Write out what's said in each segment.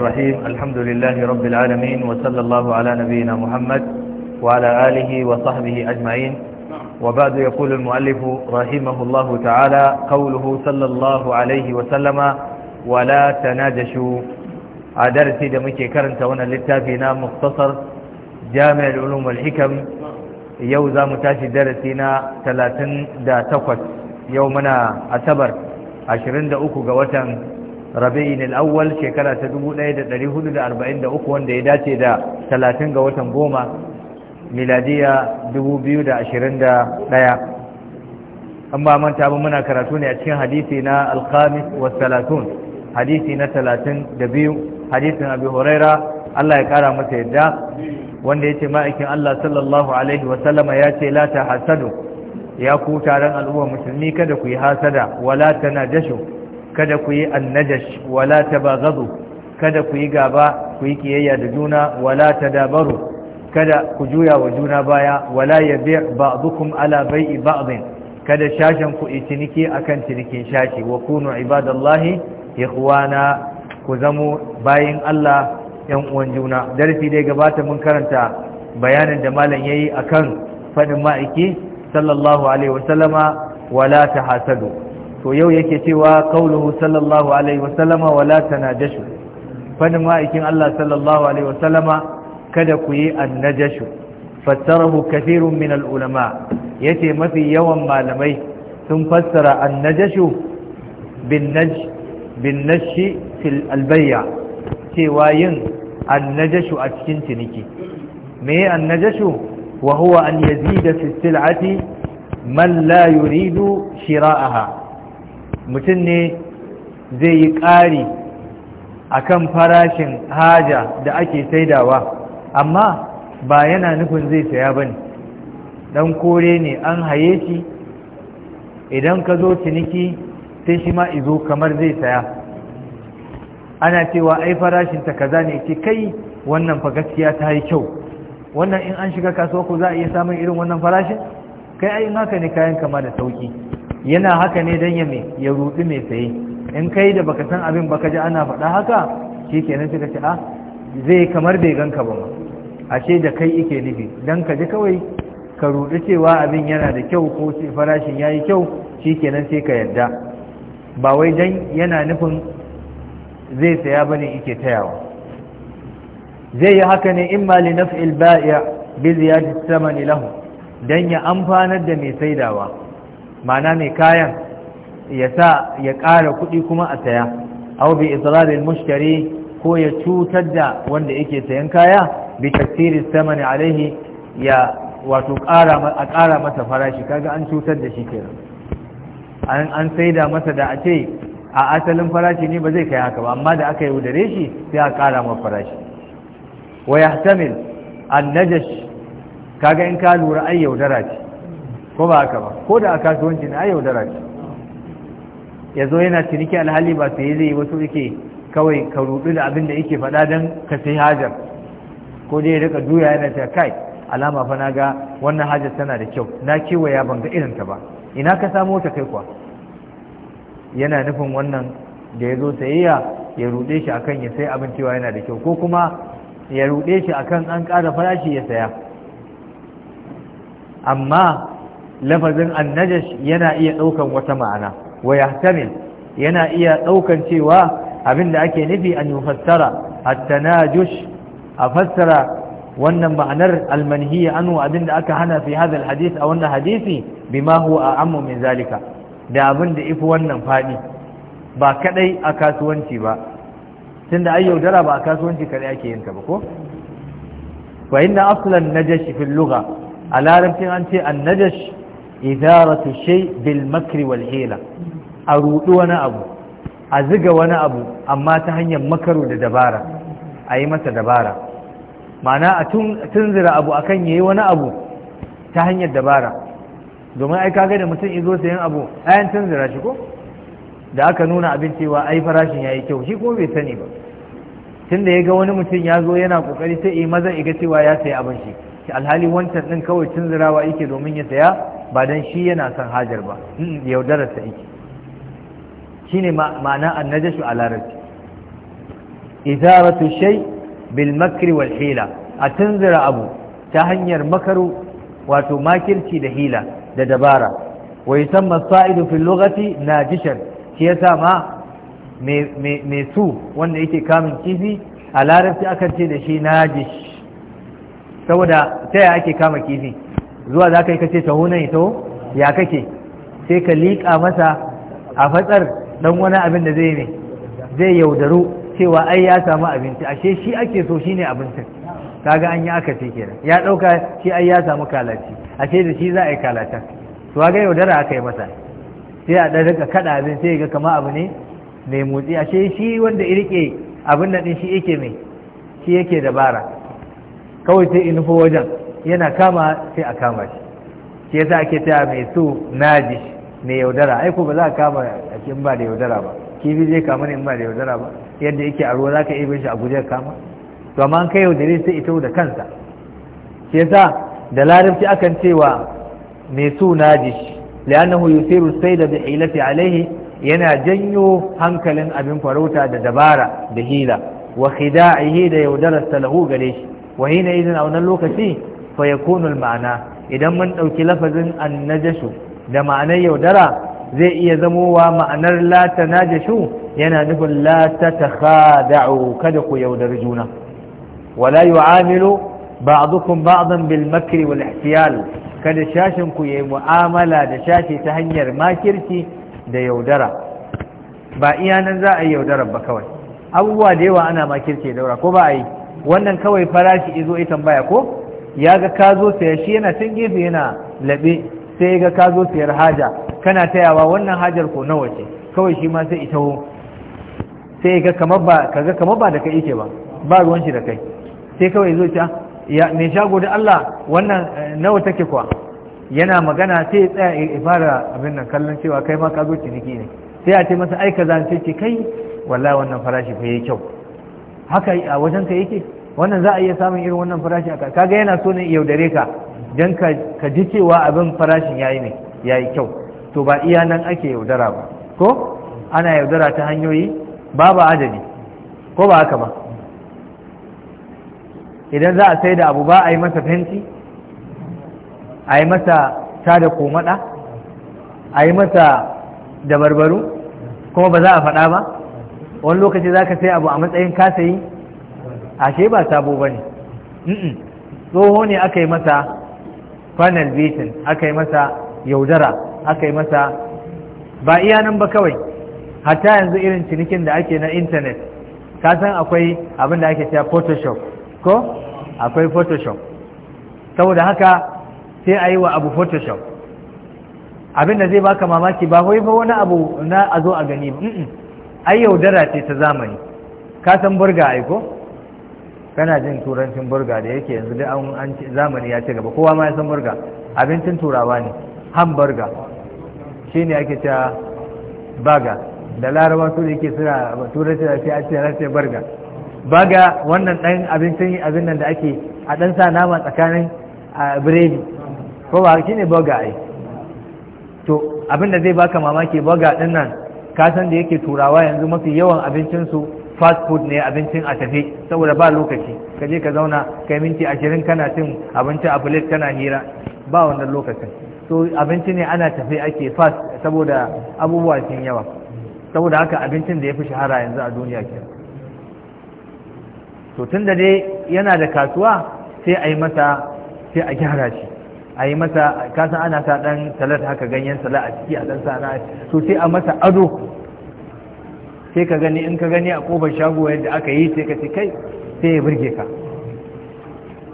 الرحيم الحمد لله رب العالمين وصلى الله على نبينا محمد وعلى آله وصحبه أجمعين وبعد يقول المؤلف رحمه الله تعالى قوله صلى الله عليه وسلم ولا تناجشوا عدرتي دمكي كرنت وانا للتافينا مختصر جامع العلوم والحكم يوزا متاشي درسينا ثلاثين دا تقوت يومنا أتبر عشرين دا أكو قوة rabi'in al-awwal shekara ta 1443 wanda ya dace da 30 ga watan goma miladiya 2021 amma manta ba muna karatu ne a cikin hadisi na al-khamis wa 30 hadisi na 32 hadisin abi huraira Allah ya kara masa yadda wanda yace ma'aikin Allah sallallahu alaihi wa sallama yace la tahasadu ya ku taron al'umma musulmi kada ku yi hasada wala tanajashu kada ku yi annajash wala tabaghadu kada ku yi gaba ku yi kiyayya da juna wala tadabaru kada ku juya wa juna baya wala yabi' ba'dukum ala bai'i ba'din kada shashin ku itiniki akan cinikin shashi wa kunu ibadallahi ikhwana ku zamo bayin Allah yan uwan juna darasi dai gabata mun karanta bayanin da malam yayi akan fadin ma'aiki sallallahu alaihi wasallama wala tahasadu to yau yake cewa kauluhu sallallahu alaihi wasallama wala tanajashu fadin ma'aikin Allah sallallahu alaihi wasallama kada ku yi annajashu fassarahu kathirun min al-ulama yace mafi yawan malamai sun fassara annajashu bin naj bin nashi fil albayya cewa yin annajashu a cikin ciniki me annajashu wa huwa an yazida fi sil'ati man la yuridu shira'aha mutum ne zai yi ƙari a kan farashin haja da ake saidawa amma ba yana nufin zai saya ba ne ɗan kore ne an haye shi idan ka zo ciniki sai shi ma izo kamar zai saya ana cewa ai farashin ta kaza ne ce kai wannan fa gaskiya ta yi kyau wannan in an shiga kasuwa ko za a iya samun irin wannan farashin kai ai in haka ne kayan kama da sauki yana haka ne don ya ya rudi mai saye in kai da baka san abin baka ji ana faɗa haka shi kenan suka ce a ah, zai kamar bai ganka ba ashe da kai ike nufi don ka ji kawai ka rudi cewa abin yana da kyau ko farashin ya yi kyau shi kenan sai ka yarda ba wai don yana nufin zai saya ba ne ike tayawa zai yi haka ne in mali naf'il ba'i'a bi ziyadati saman ilahu dan ya amfanar da mai saidawa ma'ana mai kayan ya sa ya ƙara kuɗi kuma a saya aw bi idraril mushtari ko ya cutar da wanda yake sayan kaya bi tasirin samani alaihi ya wato a ƙara masa farashi kaga an cutar da shi kenan an saida masa da a ce a asalin farashi ne ba zai kai haka ba amma da aka yi wudare shi sai a ƙara ma farashi wa yahtamil an najash kaga in ka lura ai yaudara ce ko ba haka ba ko da a kasuwanci na da ce ya zo yana ciniki alhali ba sai zai wasu yake kawai ka rudu da abin da yake faɗa don ka sai hajar ko dai ya rika duya yana ta kai alama fa na ga wannan hajar tana da kyau na kewaya ban ga irinta ba ina ka samu wata kai kuwa yana nufin wannan da ya zo sayayya ya rude shi akan ya sai abin cewa yana da kyau ko kuma ya rude shi akan an ƙara farashi ya saya amma lafazin annajash yana iya ɗaukan wata ma'ana wa yahtamil yana iya ɗaukan cewa abinda ake nufi an yufassara at-tanajush a fassara wannan ma'anar almanhiya anu abinda aka hana fi hadha al-hadith a wannan hadisi bima huwa a'ammu min zalika da abinda ifi wannan fadi ba kadai a kasuwanci ba tunda ai yaudara ba a kasuwanci kadai ake yin ta ba ko wa inna aslan najash fi al-lugha a larabcin an ce an najash idaratu shay bil makri wal hila a rudu wani abu a ziga wani abu amma ta hanyar makaru da dabara a yi masa dabara ma'ana a tunzira abu akan yayi wani abu ta hanyar dabara domin ai kaga da mutum izo sayan abu ayan tunzira shi ko da aka nuna abin cewa ai farashin yayi kyau shi kuma bai sani ba tunda ya ga wani mutum ya zo yana kokari sai yi maza iga cewa ya sayi abin shi alhali wancan din kawai tunzirawa yake domin ya saya ba don shi yana son hajar ba hmm, yaudararsa yake shi ne ma'ana annajashu a larabci izaratu shai bil makri wal hila a tunzura abu ta hanyar makaru wato makirci da hila da dabara wa yusamma sa'idu fil na jishar shi sa ma mai su wanda yake kamun kifi a larabci akan ce da shi na jish saboda ta ake kama kifi zuwa za ka yi kace taho nan ito ya kake sai ka liƙa masa a fatsar dan wani abin da zai ne zai yaudaru cewa ai ya samu abinci ashe shi ake so shine abincin kaga an yi aka ce kenan ya dauka shi ai ya samu kalaci ashe da shi za a yi kalata to ga yaudara aka yi masa sai a dan rika kada abin sai ga kama abu ne mai motsi ashe shi wanda ya riƙe abin nan din shi yake mai shi yake dabara kawai sai in wajen yana kama sai a kama shi shi yasa ake cewa mai so najish mai yaudara ai ko ba za ka kama a cikin ba da yaudara ba kifi zai kama ne in ba da yaudara ba yadda yake a ruwa za ka ibe shi a guje kama to amma kai yaudare sai ita da kansa shi yasa da larabci akan cewa mai so najish li'annahu yusiru sayda bi hilati alaihi yana janyo hankalin abin farauta da dabara da hila wa khida'ihi da yaudarar salahu gare shi wa hina idan a wannan lokaci fayakunul maana idan mun ɗauki lafazin annajashu da ma'anar yaudara zai iya zamowa ma'anar lata najashu yana nufin la tatakhada'u kada ku yaudar juna wala yu'amilu ba'dukum ba'dan bil makri wal ihtiyal kada shashin ku yi mu'amala da shashi ta hanyar makirci da yaudara ba iya nan za a yi yaudara ba kawai abubuwa da yawa ana makirci da yaudara ko ba a yi wannan kawai farashi izo ita tambaya ko ya ga ka zo sayar shi yana can gefe yana laɓe sai ga ka zo sayar haja kana tayawa wannan hajar ko nawa ce kawai shi ma sai ita ho sai ga kamar ba kamar ba da kai ke ba ba ruwan shi da kai sai kawai zo ta ya mai shago da Allah wannan eh, nawa take kuwa yana magana sai ya tsaya ya fara abin nan kallon cewa kai ma ka zo ciniki ne sai a ce masa aika zance ki ce kai wallahi wannan farashi fa yi kyau haka a wajen ka yake wannan za a iya samun irin wannan farashin a kaga yana so ne yaudare ka don ka ji cewa abin farashin yayi ne yi kyau to ba iya nan ake yaudara ba ko ana yaudara ta hanyoyi babu adadi ko ba haka ba idan za a sai da abu ba a yi masa fenti a yi masa da komada a yi masa dabarbaru kuma ba za a faɗa ba wani lokaci za ka sai abu a matsayin kasayi ashe ba sabo ba ne tsoho ne aka yi masa panel beaten aka yi masa yaudara aka yi masa ba iya nan ba kawai hatta yanzu irin cinikin da ake na intanet ka san akwai abin da ake cewa photoshop ko akwai photoshop saboda haka sai a yi wa abu photoshop abin da zai baka mamaki ba wai ba wani abu na a zo a gani ba ai yaudara ce ta zamani ka san burga aiko kana jin turancin burga da yake yanzu da an zamani ya ci gaba kowa ma ya san burga abincin turawa ne hamburger shi ne ake cewa baga da larabar su da yake suna turanci da ake a ce rashe burger baga wannan dan abincin abin nan da ake a dan sa nama tsakanin biredi ko ba ne burger ai to abin da zai baka mamaki burger din nan ka san da yake turawa yanzu mafi yawan abincinsu fast food ne abincin a tafi saboda ba lokaci ka je ka zauna kai minti ashirin kana cin abinci a plate kana hira ba wannan lokacin so abinci ne ana tafi ake fast saboda abubuwa sun yawa saboda haka abincin da ya fi shahara yanzu a duniya ke to tun da dai yana da kasuwa sai a yi masa sai a gyara shi a yi masa kasan ana sa dan salat haka ganyen salat a ciki a dan sana so sai a masa ado sai ka gani in ka gani a kofar shago yadda aka yi sai ka ce kai sai ya burge ka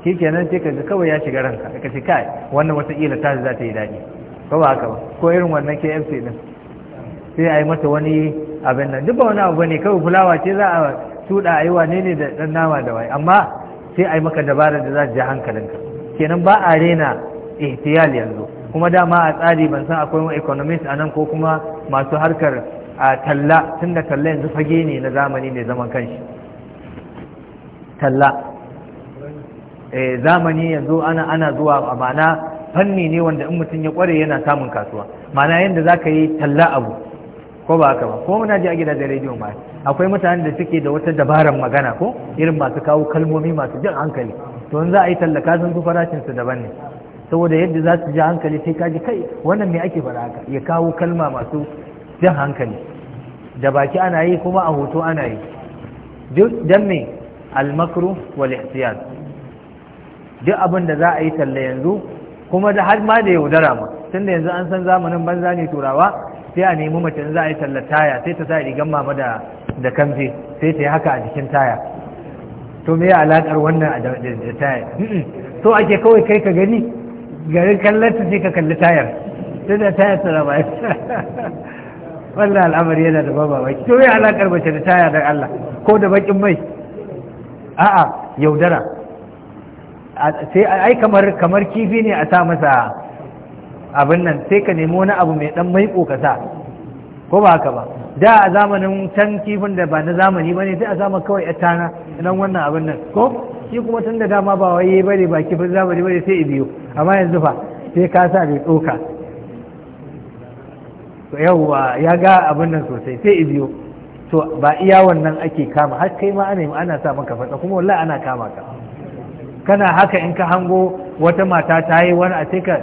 shi kenan sai ka ga kawai ya shiga ranka ka ce kai wannan wataƙila ta za ta yi daɗi ba ba haka ba ko irin wannan kfc din sai a yi masa wani abin nan duk ba wani abu ne kawai fulawa ce za a tuɗa a yi wane ne da ɗan nama da wai amma sai a yi maka dabarar da za ta ja hankalinka kenan ba a rena ihtiyal yanzu kuma dama a tsari ban san akwai economist a nan ko kuma masu harkar a talla tunda talla yanzu fage ne na zamani mai zaman kanshi talla eh, zamani yanzu ana ana zuwa ma'ana fanni ne wanda in mutum ya kware yana samun kasuwa ma'ana yadda za ka yi talla abu ko ba haka ba ko muna ji a gida da rediyo ma akwai mutanen da suke da wata dabarar magana ko irin masu kawo kalmomi masu jan hankali to in za a yi tallaka sun su farashin su daban ne saboda yadda za su ji hankali sai ka ji kai wannan me ake faɗa haka ya kawo kalma masu jan hankali da baki ana yi kuma a hoto ana yi don dan me almakru wal ihtiyar duk abin da za a yi talla yanzu kuma da har ma da yaudara ma tun da yanzu an san zamanin banza ne turawa sai a nemi mace za a yi talla taya sai ta sa rigan mama da da kamfe sai ta yi haka a jikin taya to me ya alakar wannan da taya to ake kawai kai ka gani garin kallon ta sai ka kalli tayar sai da tayar ta raba wannan al'amari yana da baba baki to ya alakar bace da taya da Allah ko da bakin mai a'a yaudara sai ai kamar kamar kifi ne a sa masa abin nan sai ka nemi wani abu mai dan mai ka sa ko ba haka ba da a zamanin can kifin da ba na zamani ba ne sai a zama kawai a tana idan wannan abin nan ko shi kuma tun da dama ba waye bane ba kifin zamani bane sai biyo amma yanzu fa sai ka sa mai tsoka to yawwa ya ga abin nan sosai sai ibiyo to ba iya wannan ake kama har kai ma ana ana sa maka fatsa kuma wallahi ana kama ka kana haka in ka hango wata mata ta yi wani a cika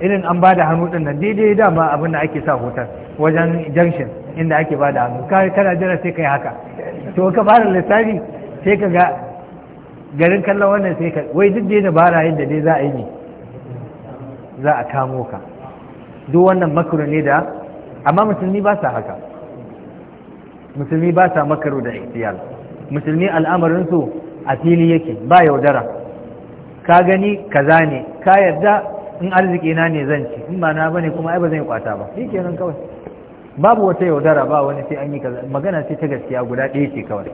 irin an bada hannu din nan daidai dama abin da ake sa hoton wajen junction inda ake bada hannu hannu kana jira sai ka yi haka to ka fara lissafi sai ka ga garin kallon wannan sai ka wai duk da bara yadda dai za a yi za a kamo ka duk wannan makaro ne da amma musulmi ba sa haka musulmi ba sa makaro da ihtiyal musulmi al'amarinsu a fili yake ba yaudara ka gani kaza ne ka yarda in arziki na ne zan ci in ba na bane kuma ai ba zan yi kwata ba shi kenan kawai babu wata yaudara ba wani sai an yi kaza magana ce ta gaskiya guda ɗaya ce kawai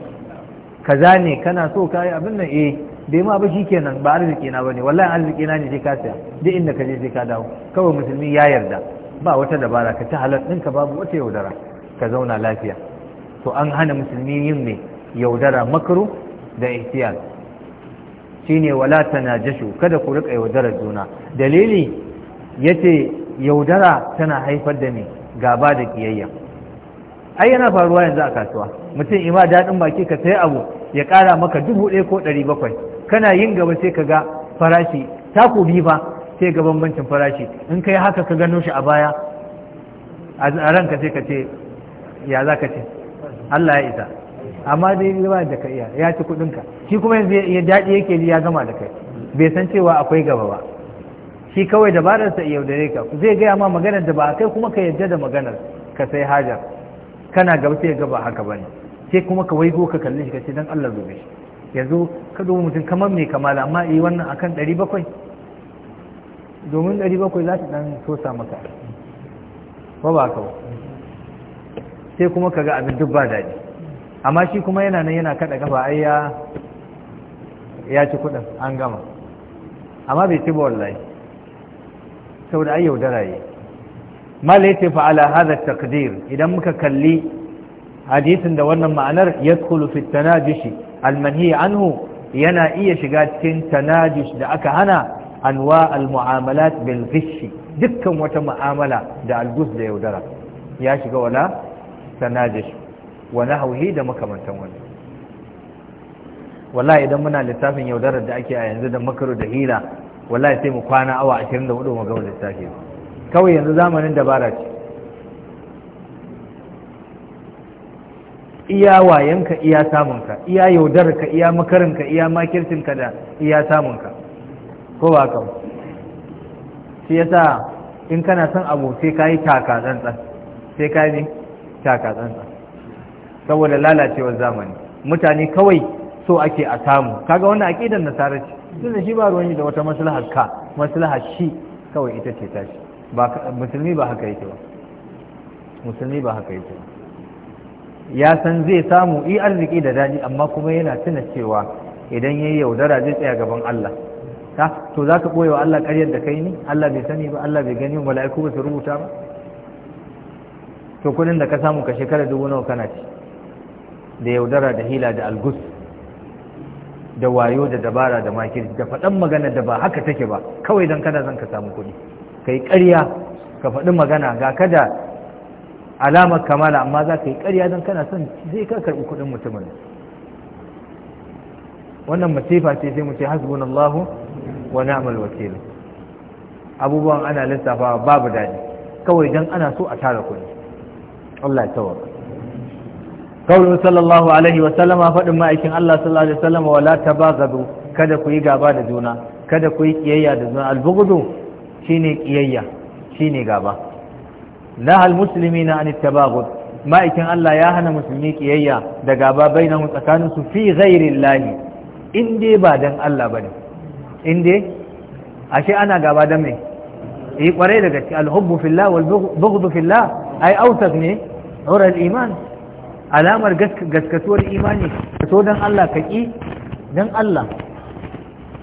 kaza ne kana so ka yi abin nan eh bai ma ba nan ba arziki na bane wallahi arziki na ne sai ka siya duk inda ka je sai ka dawo kawai musulmi ya yarda ba wata dabara ka ci halar ɗinka babu wata yaudara ka zauna lafiya to an hana musulmi yin mai yaudara makaru da ihtiyar shine na jashu kada ku rika yaudarar juna dalili ya ce yaudara tana haifar da mai gaba da kiyayya ai yana faruwa yanzu a kasuwa mutum ima daɗin baki ka sai abu ya ƙara maka dubu ɗaya ko ɗari bakwai kana yin gaba sai ka ga farashi taku bi ba sai ga bambancin farashi in kai haka ka gano shi a baya a ranka sai ka ce ya za ka ce Allah ya isa amma dai ba da ka iya ya ci kuɗinka shi kuma yanzu ya daɗi yake ya gama da kai bai san cewa akwai gaba ba shi kawai dabararsa yaudare ka zai gaya ma maganar da ba kai kuma ka yarda da maganar ka sai hajar kana gaba sai haka ba ne bane sai kuma ka waigo ka kalli shi ka ce dan Allah zo shi yanzu ka duba mutum kamar mai kamala amma yi wannan akan 700 domin 700 za ta dan tosa maka ba ba ka sai kuma ka ga abin dubba daɗi amma shi kuma yana nan yana kaɗa gaba ai ya ci kuɗin an gama amma bai ci ba wallahi da ai yaudara yi mala yace fa’ala ala takdir idan muka kalli hadisin da wannan ma'anar yadkhulu fi tanajishi almanhi anhu yana iya shiga cikin tanajish da aka hana anwa al-mu'amalat bil fishi dukkan wata mu'amala da algus da yaudara ya shiga wala sanajish wa nahwihi da makamantan wannan wallahi idan muna littafin yaudarar da ake a yanzu da makaru da hila wallahi sai mu kwana awa 24 mu gama littafi kawai yanzu zamanin dabara ce iya wayanka iya samunka iya yaudarka iya makarinka iya makircinka da iya samunka ko ba ka shi yasa in kana son abu sai ka yi taka tsantsan sai ka yi taka tsantsan saboda lalacewar zamani mutane kawai so ake a samu kaga wannan aqidar nasara ce tunda shi ba ruwan da wata maslaha ka maslaha shi kawai ita ce ta shi ba musulmi ba haka yake ba musulmi ba haka yake ba ya san zai samu i arziki da daji amma kuma yana tuna cewa idan ya yi yaudara zai tsaya gaban Allah ta to za ka ɓoye wa Allah ƙaryar da kai ne Allah bai sani ba Allah bai gani mala'iku ba su rubuta ba to kudin da ka samu ka shekara dubu nawa kana ci da yaudara da hila da algus da wayo da dabara da makir da faɗan magana da ba haka take ba kawai don kana zan ka samu kuɗi ka yi ƙarya ka faɗi magana ga kada alamar kamala amma za ka yi ƙarya don kana son zai ka karɓi kuɗin mutumin wannan masifa ce sai mu ce hasbunallahu wa na'mal wakil abubuwan ana lissafa babu daɗi kawai dan ana so a tara kuɗi Allah ya tawaka kawai sallallahu alaihi wa sallama faɗin ma'aikin Allah sallallahu alaihi wa sallama kada ku yi gaba da juna kada ku yi kiyayya da juna albughdu shine kiyayya shine gaba nahal muslimina an tabaghud ma'aikin Allah ya hana musulmi kiyayya da gaba tsakanin su fi ghairi llahi in dai ba dan Allah bane Inda ashe ana gaba da mai yi eh, kwarai daga gaske alhubbu fillah wal bughdu fillah ai autak ne ural iman alamar gaskatuwar imani ka so dan Allah ka ki dan Allah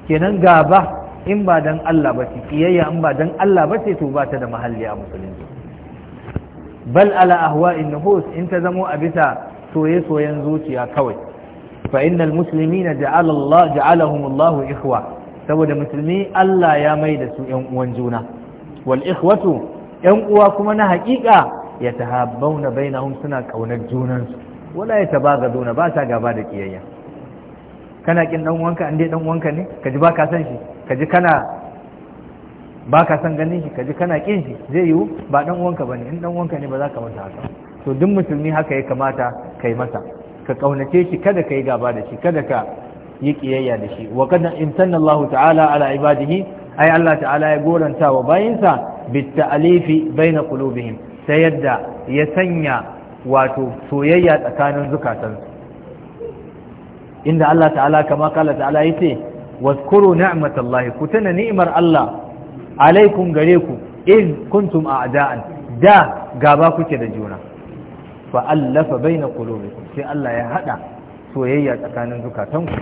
kenan gaba in ba dan Allah ba ce kiyayya in ba dan Allah ba ce to ba ta da mahalli a musulunci bal ala ahwa'in nufus in ta zamo a bisa soye-soyen zuciya kawai fa innal muslimina ja'ala Allah ja'alahum Allah ikhwa saboda musulmi Allah ya mai da su ‘yan uwan juna wal ikhwatu ‘yan uwa kuma na haƙiƙa ya tahabbauna bainahum suna ƙaunar junansu wala ya tabagaduna ba sa gaba da kiyayya kana kin dan uwanka an dai dan uwanka ne kaji ba ka san shi kaji kana ba ka san ganin shi kaji kana kin shi zai yiwu ba dan uwanka bane in dan uwanka ne ba za ka masa haka to duk musulmi haka ya kamata kai masa ka kaunace shi kada ka yi gaba da shi kada ka yi kiyayya da shi wa kadan intanna ta'ala ala ai Allah ta'ala ya goranta wa bayinsa bitta ta'alifi baina qulubihim sai yadda ya sanya wato soyayya tsakanin zukatan inda Allah ta'ala kama kala ta'ala yace waskuru ni'matallahi kutana ni'mar Allah alaikum gare ku in kuntum a'da'an da gaba kuke da juna fa'allafa baina qulubikum sai Allah ya haɗa soyayya tsakanin zukatanku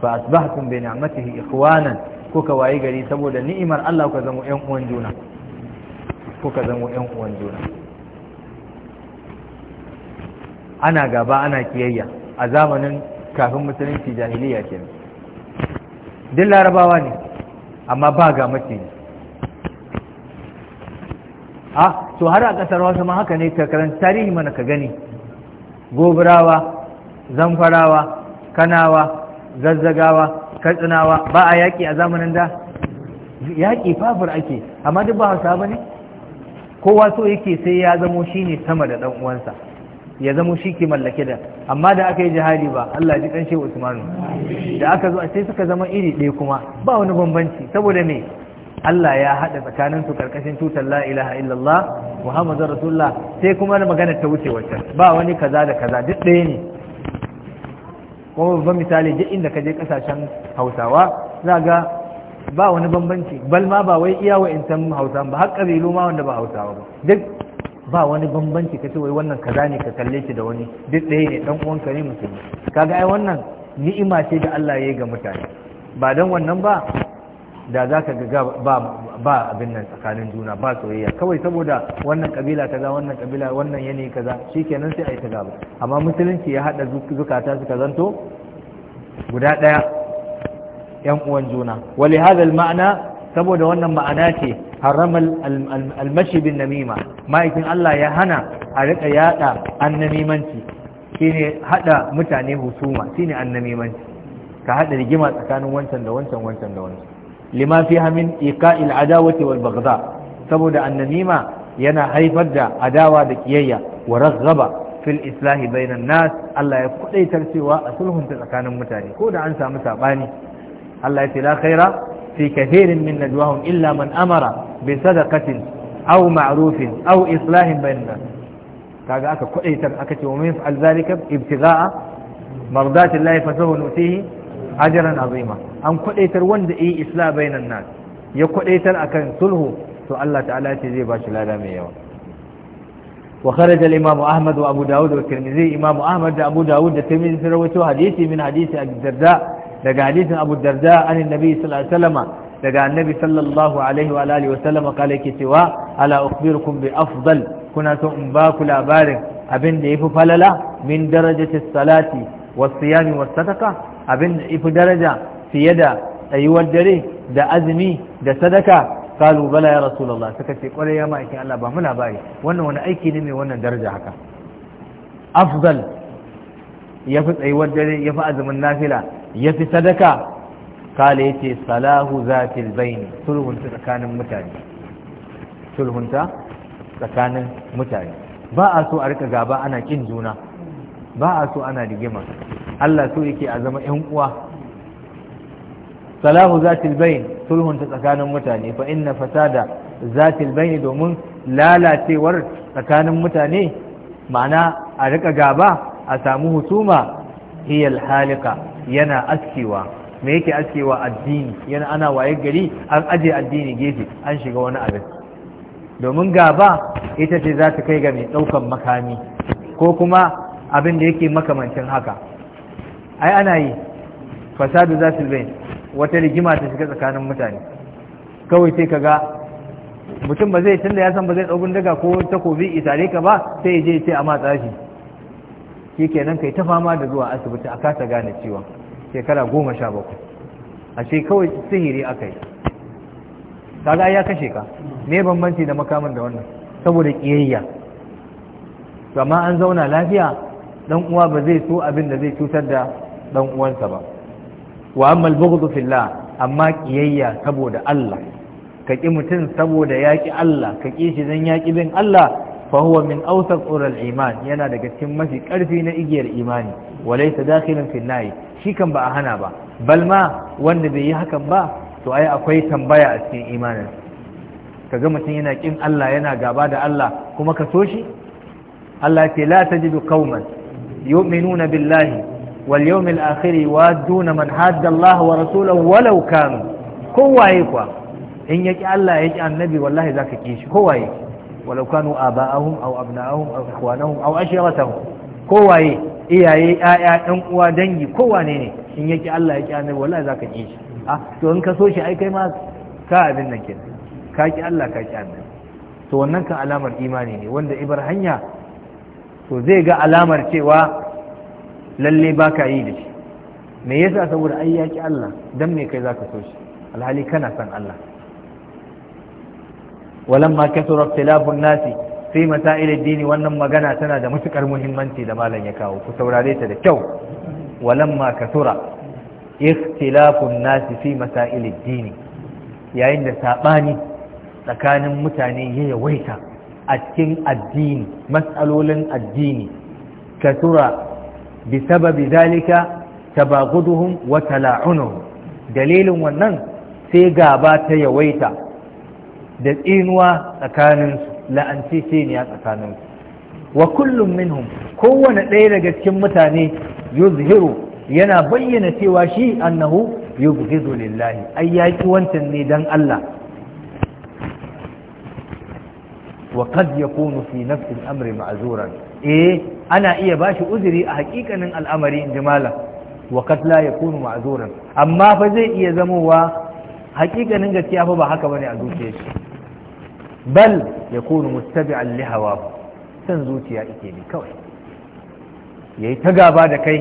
fa asbahtum bi ni'matihi ikhwanan kuka wayi gari saboda ni'imar Allah ku zama ƴan uwan juna kuka zama ƴan uwan juna ana gaba ana kiyayya a zamanin kafin musulunci jahiliya kenan duk larabawa ne amma ba ga mace ne. a to har a kasar wasu ma haka ne ka tarihi mana ka gani Gobarawa, zamfarawa kanawa zazzagawa katsinawa ba a yaƙi a zamanin da yaƙi fafur ake amma duk ba hausa ba ne kowa so yake sai ya zamo shi ne sama da ɗan uwansa ya zamo shi ke mallake da amma da aka yi jihadi ba Allah ji kan shehu Usmanu da aka zo sai suka zama iri ɗaya kuma ba wani bambanci saboda me Allah ya haɗa tsakanin su karkashin tutar la ilaha illallah Muhammadu Rasulullah sai kuma magana ta wuce wacce ba wani kaza da kaza duk ɗaya ne ko babban misali duk inda ka je kasashen hausawa za ga ba wani bambanci bal ma ba wai iya san hausawa ba har ƙabilu ma wanda ba hausawa ba duk ba wani bambanci ka ce wai wannan kaza ne ka kalle shi da wani duk ɗaya ne ɗan uwanka ne mutum kaga ai wannan ni'ima ce da Allah ya yi ga mutane ba don wannan ba da za ka ga ba abin nan tsakanin juna ba soyayya kawai saboda wannan kabila kaza wannan kabila wannan yanayi kaza shikenan sai a yi ta gaba amma musulunci ya haɗa zukata suka zanto guda ɗaya yan uwan juna wali hadal ma'ana saboda wannan ma'ana ce haram almashi bin namima ma'aikin Allah ya hana a riƙa yaɗa annamimanci shine haɗa mutane husuma shine annamimanci ka haɗa rigima tsakanin wancan da wancan wancan da wancan lima fiha min iqa'il adawati wal baghdha saboda annamima yana haifar da adawa da kiyayya wa raghaba fil islahi bainan nas Allah ya kudaitar cewa a sulhunta tsakanin mutane ko da an samu sabani Allah ya ce la khaira fi kathirin min najwahum illa man amara bi sadaqatin aw ma'rufin aw islahin bainan nas kaga aka kudaitar aka ce wa min fa'al zalika ibtigha'a mardati Allah fa sawfa nutihi ajaran azima an kwadaitar wanda yi isla bainan nas ya kwadaitar akan sulhu to Allah ta'ala ce zai bashi lada mai yawa wa kharaja al-imam Ahmad wa Abu Dawud wa Tirmidhi imam Ahmad da Abu Da'ud da Tirmidhi sun rawaito hadisi min hadisi Abi Darda daga hadisin Abu Darda an annabi sallallahu alaihi wasallam daga annabi sallallahu alaihi wa alihi wasallam kala ke cewa ala ukhbirukum bi afdal kuna so in ba ku labarin abin da yafi falala min darajati salati wasiyami wasadaka abin ifi daraja fiye da tsayuwar dare da azumi da sadaka kalu bala ya rasulullah suka ce kwarai ya ma'aikin Allah ba mu labari wannan wani aiki ne mai wannan daraja haka afzal ya fi tsayuwar dare ya fi azumin nafila ya fi sadaka kala ya ce salahu Zafi baini sulhunta tsakanin mutane sulhunta tsakanin mutane ba a so a rika gaba ana kin juna ba a so ana rigima Allah so yake a zama ƴan uwa salahu zatil bayn sulhun ta tsakanin mutane fa inna fasada zatil bayn domin lalacewar tsakanin mutane ma'ana a rika gaba a samu husuma hiya halika yana askewa me yake askewa addini yana ana waye gari an aje addini gefe an shiga wani abin domin gaba ita ce za ta kai ga mai ɗaukan makami ko kuma abin da yake makamancin haka ai ana yi fasadu za su bai wata rigima ta shiga tsakanin mutane kawai sai kaga mutum ba zai tunda ya san ba zai tsogun daga ko takobi itare ka ba sai ya je sai a matsa shi shi kenan kai ta fama da zuwa asibiti a kasa gane ciwon shekara goma sha bakwai a ce kawai sihiri aka yi kaga ya kashe ka me bambanci da makamin da wannan saboda kiyayya amma an zauna lafiya dan uwa ba zai so abin da zai cutar da dan uwansa ba wa amma bughd fillah amma kiyayya saboda Allah ka ki mutum saboda ya Allah ka ƙi shi don ya bin Allah fahuwa min ausar tsoron iman yana daga cikin mafi karfi na igiyar imani walai ta dakilin finnayi shi kan ba a hana ba bal ma wanda bai yi hakan ba to ai akwai tambaya a cikin imanin ka mutum yana ƙin Allah yana gaba da Allah kuma ka so shi Allah ce la tajidu qauman يؤمنون بالله واليوم الآخر يوادون من حاد الله ورسوله ولو كانوا كوا يكوا إن يكي الله يكي النبي والله ذاك كيش كوا يكي ولو كانوا آباءهم أو أبناءهم أو إخوانهم أو أشيرتهم كوا يكي iyaye ƴaƴa ɗan uwa dangi kowane ne in yake Allah ya kyanar wallahi zaka ki shi a to in ka so shi ai kai ma ka abin nan ke ka ki Allah ka ki annabi to wannan ka alamar imani ne wanda ibar hanya to zai ga alamar cewa lalle ba ka yi da shi me yasa saboda ai ya ki Allah dan me kai zaka so shi alhali kana san Allah walamma kasura tilafun nasi fi masail ad wannan magana tana da matukar muhimmanci da malam ya kawo ku saurare ta da kyau walamma kasura ikhtilafun nasi fi masail ad-din yayin da sabani tsakanin mutane ya yawaita a cikin addini matsalolin addini katura bi sababi zalika tabaguduhum wa tala'unuhum dalilin wannan sai gaba ta yawaita da tsinuwa tsakaninsu la'anci sai ne tsakaninsu wa kullum minhum kowane ɗaya daga cikin mutane yuzhiru yana bayyana cewa shi annahu yubghidu lillahi ai wancan ne dan Allah wa qad yakunu fi nafsi al-amri ma'zuran eh ana iya bashi uzuri a hakikanin al'amari in ji malam wa qad la yakunu amma fa zai iya zamowa hakikanin gaskiya fa ba haka bane a zuciyar shi bal yakunu mustabi'an li hawa san zuciya yake ne kawai yayi ta gaba da kai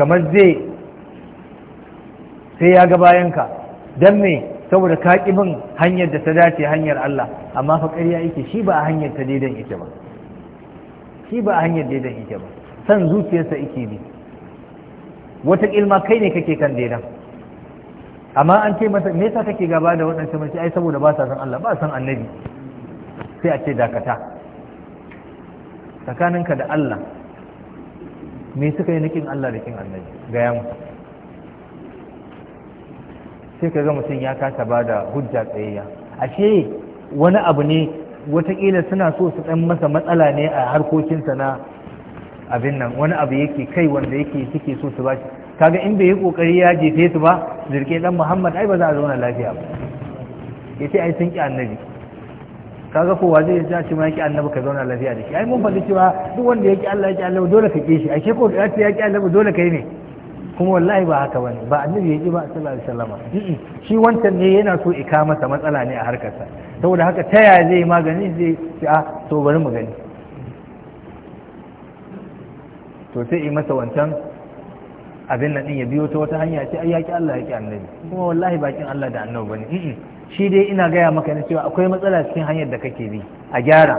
kamar zai sai ya ga bayanka dan me saboda ka ƙi bin hanyar da ta dace hanyar Allah amma fa ƙarya yake shi ba a hanyar ta daidan yake ba shi ba a hanyar daidan yake ba san zuciyarsa yake ne. wata ilma kai ne kake kan daidan amma an ce masa me yasa kake gaba da waɗansu mace ai saboda ba sa san Allah ba san annabi sai a ce dakata tsakaninka da Allah me suka yi nikin Allah da kin annabi ga yamu sai ka ga mutum ya kasa ba da hujja tsayayya ashe wani abu ne watakila suna so su ɗan masa matsala ne a harkokinsa na abin nan wani abu yake kai wanda yake suke so su bashi kaga in bai yi kokari ya jefe su ba zirke dan Muhammad ai ba za a zauna lafiya ba yace ai sun ki annabi kaga kowa zai ja shi ma yake annabi ka zauna lafiya da shi ai mun faɗi cewa duk wanda yake Allah yake Allah dole ka ke shi ashe ko ya ce yake Allah dole kai ne kuma wallahi ba haka bane ba annabi yake ba sallallahu alaihi wasallama shi wancan ne yana so ika masa matsala ne a harkarsa saboda haka ta yaya zai magani zai ce a ah, to bari mu gani to sai yi masa wancan abin nan ya biyo ta wata hanya ce ai yaki Allah yaki annabi kuma wallahi bakin Allah da annabi bane shi dai ina gaya maka ne cewa akwai matsala cikin hanyar da kake bi a gyara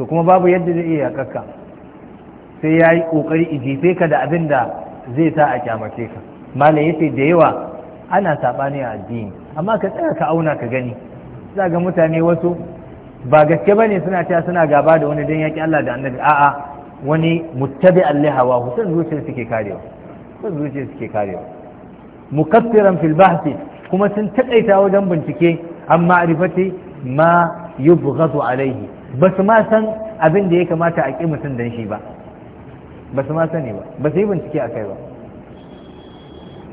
to kuma babu yadda zai iya yakakka sai ya yi ƙoƙari jefe ka da abin da zai sa a kyamace ka malam ya ce da yawa ana saɓani a addini amma ka tsaya ka auna ka gani za ga mutane wasu ba gaske ba ne suna cewa suna gaba da wani don yaƙi Allah da annabi a'a wani muttabi allihawa hutun zuciyar suke karewa zuciyar suke karewa mukaffiran fil bahthi kuma sun taƙaita wajen bincike an ma'rifati ma yubghadu alaihi ba su ma san abin da ya kamata a ƙi mutum dan shi ba ba su ma sani ba ba su yi bincike a kai ba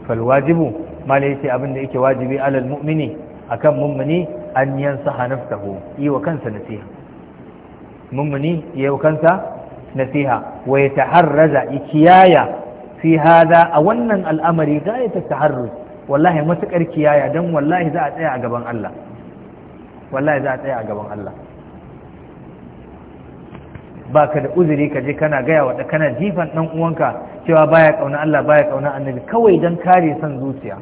falwajibu mala yace abin da yake wajibi alal mu'mini akan mummuni an yansaha nafsahu yi wa kansa nasiha mummuni yi wa kansa nasiha wa taharraza ikiyaya fi hada a wannan al'amari gayata taharruz wallahi matukar kiyaya dan wallahi za a tsaya a gaban Allah wallahi za a tsaya a gaban Allah baka da uzuri ka je kana gaya wa kana jifan ɗan uwanka cewa baya ƙauna Allah baya ƙauna annabi kawai don kare son zuciya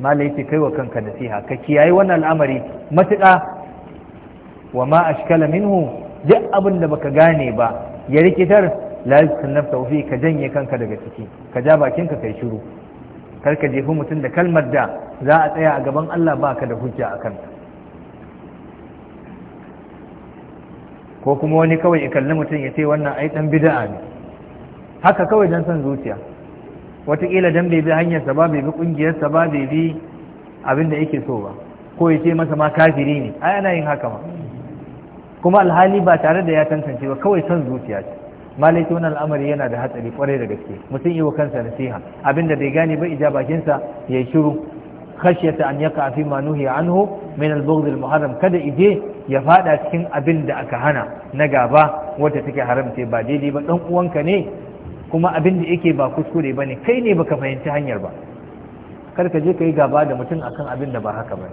malai yake kai wa kanka da siha ka kiyaye wannan al'amari matuƙa wa ma ashkala minhu duk abin da baka gane ba ya rikitar la yusannafta fi ka janye kanka daga ciki ka ja bakin ka kai shiru kar ka jefi mutum da kalmar da za a tsaya a gaban Allah baka da hujja a kanta ko kuma wani kawai ya kalli mutum ya ce wannan ai dan bid'a ne haka kawai dan san zuciya wataƙila dan bai bi hanyar sa ba bai bi sa ba bai bi abin da yake so ba ko ya ce masa ma kafiri ne ai ana yin haka ma kuma alhali ba tare da ya tantance ba kawai son zuciya ce malai wannan al'amari yana da hatsari kwarai da gaske mutum yi wa kansa nasiha abinda bai gane ba ija bakinsa ya yi shiru khashyata an yaka fi ma nuhiya anhu min al-bughd al-muharram kada ije ya fada cikin abin da aka hana na gaba wata take haramce ba daidai ba dan uwanka ne kuma abin da yake ba kuskure ne. kai ne baka fahimci hanyar ba kar ka je ka yi gaba da mutum akan abin da ba haka ba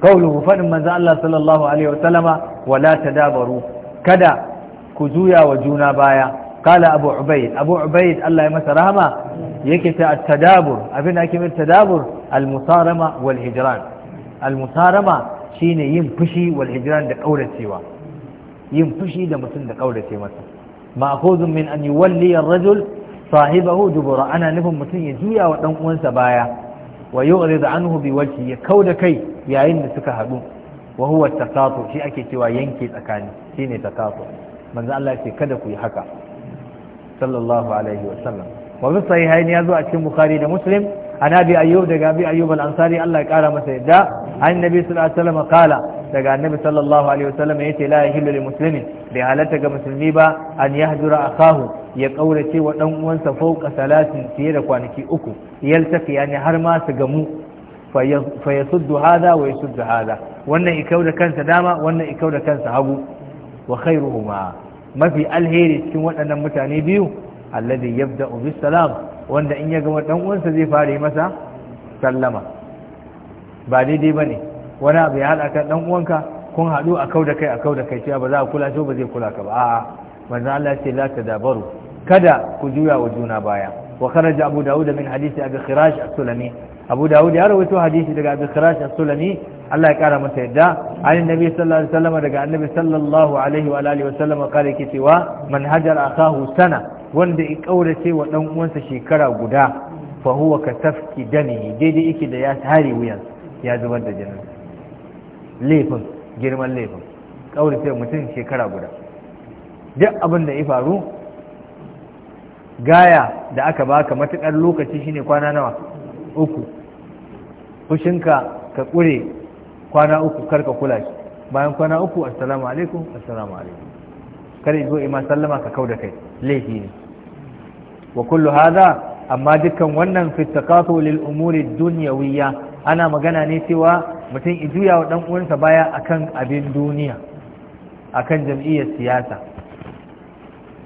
kauluhu faɗin manzo Allah sallallahu alaihi wasallama wala tadabaru kada ku juya wa juna baya kala abu ubaid abu ubaid Allah ya masa rahama yake ta tadabur abin da ake mai tadabur al-musarama wal hijran al-musarama shine yin fushi wal hijran da kauracewa yin fushi da mutum da kaurace masa ma'khuzun min an yuwalli ar-rajul sahibahu dubura ana nufin mutum ya juya wa dan uwansa baya wa yu'rid anhu bi wajhi ya kauda kai yayin da suka hadu wa huwa takatu shi ake cewa yanke tsakani shine takatu manzo Allah ya ce kada ku yi haka sallallahu alaihi wa sallam wa fi sahihaini ya zo a cikin bukhari da muslim an abi ayyub daga abi ayyub al-ansari Allah ya kara masa yadda an nabi sallallahu alaihi wasallam kala daga annabi sallallahu alaihi wasallam yace la yahillu lil muslimin bai halarta ga musulmi ba an yahjura akahu ya kaurace wa dan uwansa fawqa salatin fiye da kwanaki uku yaltaki yani har ma su gamu fa yasuddu hadha wa yasuddu hadha wannan ikau da kansa dama wannan ikau da kansa hagu wa khairuhuma mafi alheri cikin waɗannan mutane biyu alladhi yabda bis salam wanda in ya gama dan uwansa zai fara masa sallama ba daidai ne wani abu ya hada kan dan uwanka kun haɗu a kauda kai a kauda kai cewa ba za a kula shi ba zai kula ka ba a'a manzo Allah ya ce la tadabaru kada ku juya wa juna baya wa kharaja abu daud min hadisi abi khirash as-sulami abu daud ya rawaito hadisi daga abi khirash as-sulami Allah ya kara masa yadda an nabi sallallahu alaihi wasallam daga annabi sallallahu alaihi wa alihi wasallam kare ki cewa man hajara akahu sana wanda ya kaurace wa ɗan uwansa shekara guda fa huwa ka tafki dani daidai yake da ya tare wuyan ya zubar da jinin laifin girman laifin kaurace mutum shekara guda duk abin da ya faru gaya da aka baka matukar lokaci shine kwana nawa uku fushinka ka kure kwana uku karka kula shi bayan kwana uku assalamu alaikum assalamu alaikum kare zo ima sallama ka kauda kai laifi ne wa kullu hada amma dukkan wannan fi taqatu lil umuri dunyawiyya ana magana ne cewa mutum i juya wa dan uwansa baya akan abin duniya akan jam'iyyar siyasa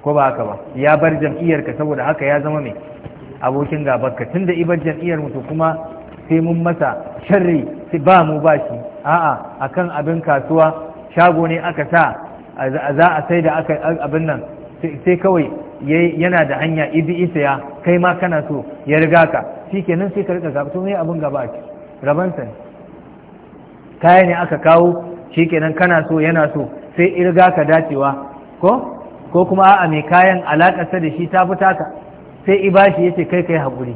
ko ba haka ba ya bar jam'iyyar ka saboda haka ya zama mai abokin gabarka tun tunda ibar jam'iyyar mutu kuma sai mun masa sharri ba mu ba shi a'a akan abin kasuwa shago ne aka sa za a sai da abin nan sai kawai yana da hanya ibi isa ya kai ma kana so ya riga ka shi kenan sai ka riga gaba to me abin gaba ce rabansa ne kaya ne aka kawo shi kenan kana so yana so sai riga ka dacewa ko ko kuma a'a mai kayan alakarsa da shi ta fi taka sai ibashi ya ce kai kai haƙuri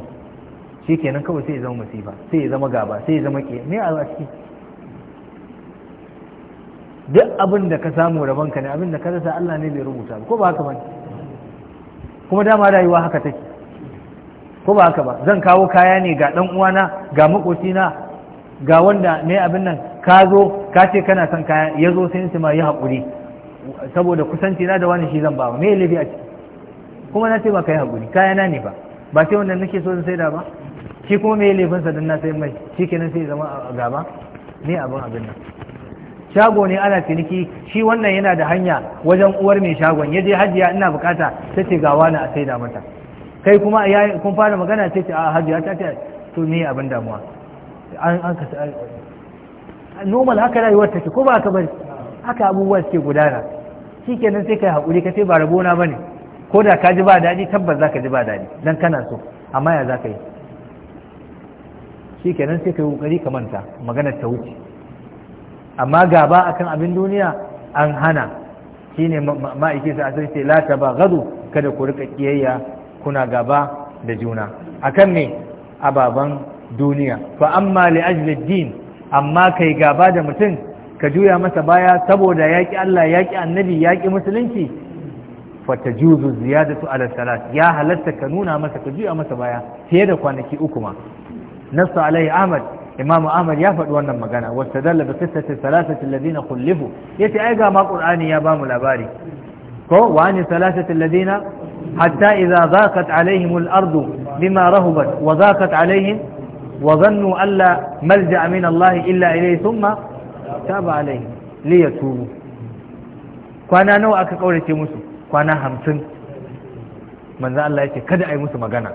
shi kenan kawai sai ya zama musiba sai ya zama gaba sai ya zama ke me a cikin duk abin da ka samu rabon ka ne abin da ka rasa Allah ne bai rubuta ba ko ba haka ba kuma dama rayuwa haka take ko ba haka ba zan kawo kaya ne ga dan uwana ga makocina ga wanda ne abin nan ka zo ka ce kana son kaya ya zo sai ma ya haƙuri saboda kusanci na da wani shi zan ba me laifi a ciki kuma na ce ba ka yi haƙuri kaya na ne ba ba sai wannan nake so sai da ba shi kuma me laifinsa dan na sai mai shi kenan sai zama a gaba ne abin abin nan shago ne ana ciniki shi wannan yana da hanya wajen uwar mai shagon ya je hajiya ina bukata ta ce ga wani a saida mata kai kuma ya kun fara magana ta ce a hajiya ta ce to ne abin damuwa an an normal haka rayuwar take ko ba ka bari haka abubuwa suke gudana shikenan sai kai hakuri ka ce ba rabona bane ko da ka ji ba daɗi tabbas zaka ji ba daɗi dan kana so amma ya zaka yi shikenan sai kai kokari ka manta magana ta wuce amma gaba akan abin duniya an hana shine ma'aiki sa asali ce ba gado kada ku rika kiyayya kuna gaba da juna akan ne ababan duniya fa amma li ajli din amma kai gaba da mutum ka juya masa baya saboda yaƙi Allah yaƙi annabi yaƙi musulunci fatajuzu ziyadatu ala salat ya halatta ka nuna masa ka juya masa baya fiye da kwanaki uku ma nasu alai ahmad imam ahmad ya faɗi wannan magana wasta dalla bi qissati thalathati alladhina khulifu yace ai ga ma qur'ani ya bamu labari ko wani an thalathati alladhina hatta idza zaqat alaihim al-ardu bima rahabat wa zaqat alaihim wa dhannu alla malja'a min Allah illa ilayhi thumma taba alaihim liyatubu kwana nawa aka kaurace musu kwana hamsin manzo Allah yake kada ai musu magana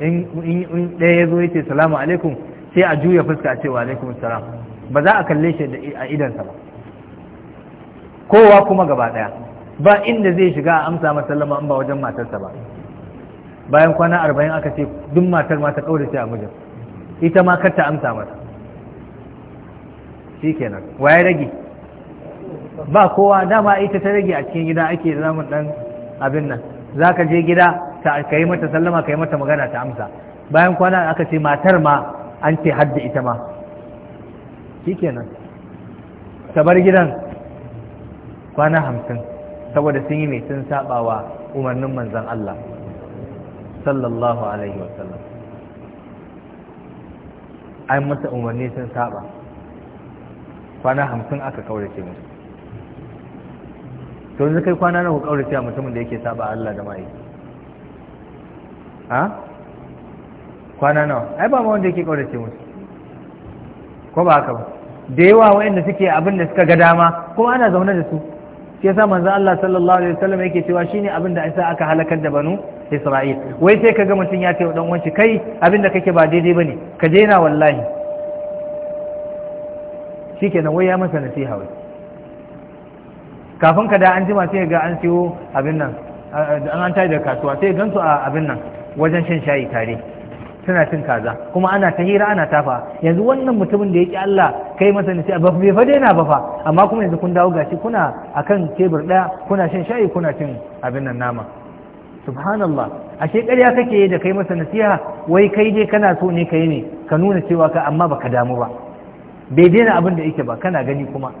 in in ɗaya yazo yace salamu alaikum sai a juya fuska a ce wa alaikum salam ba za a kalle shi a idansa ba kowa kuma gaba daya ba inda zai shiga a amsa masallama in ba wajen matarsa ba bayan kwana arba'in aka ce duk matar ma ta kaurace a mijin ita ma kar ta amsa mata kenan waye rage ba kowa dama ita ta rage a cikin gida ake zamun dan abin nan zaka je gida ka yi mata sallama ka yi mata magana ta amsa bayan kwana aka ce matar ma an ce hadda ita ma shi ta bar gidan kwana hamsin saboda sun yi mai sun wa umarnin manzan Allah sallallahu alaihi wasallam an masa umarni sun saba kwana hamsin aka kaurace musu to yanzu kai kwana ku kaurace mutumin da yake saba Allah da ma'aiki ha kwana nawa ai ba wanda yake ƙaurace musu ko ba haka ba da yawa wa'anda suke abin da suka ga dama kuma ana zaune da su shi yasa manzo Allah sallallahu alaihi wasallam yake cewa shine abin da isa aka halakar da banu Isra'il wai sai kaga mutum ya ce dan wanci kai abin da kake ba daidai bane ka daina wallahi shikenan wai ya masa nasiha wai kafin ka da an jima sai ga an siyo abin nan an an da kasuwa sai gansu a abin nan wajen shan shayi tare suna cin kaza kuma ana ta hira ana tafa yanzu wannan mutumin da ya yake Allah kai masa nasi ba bai fa daina ba fa amma kuma yanzu kun dawo gashi kuna akan tebur daya kuna shan shayi kuna cin abin nan nama subhanallah ashe ƙarya kake yi da kai masa nasiha wai kai dai kana so ne kai ne ka nuna cewa ka amma baka damu ba bai daina abin da yake ba kana gani kuma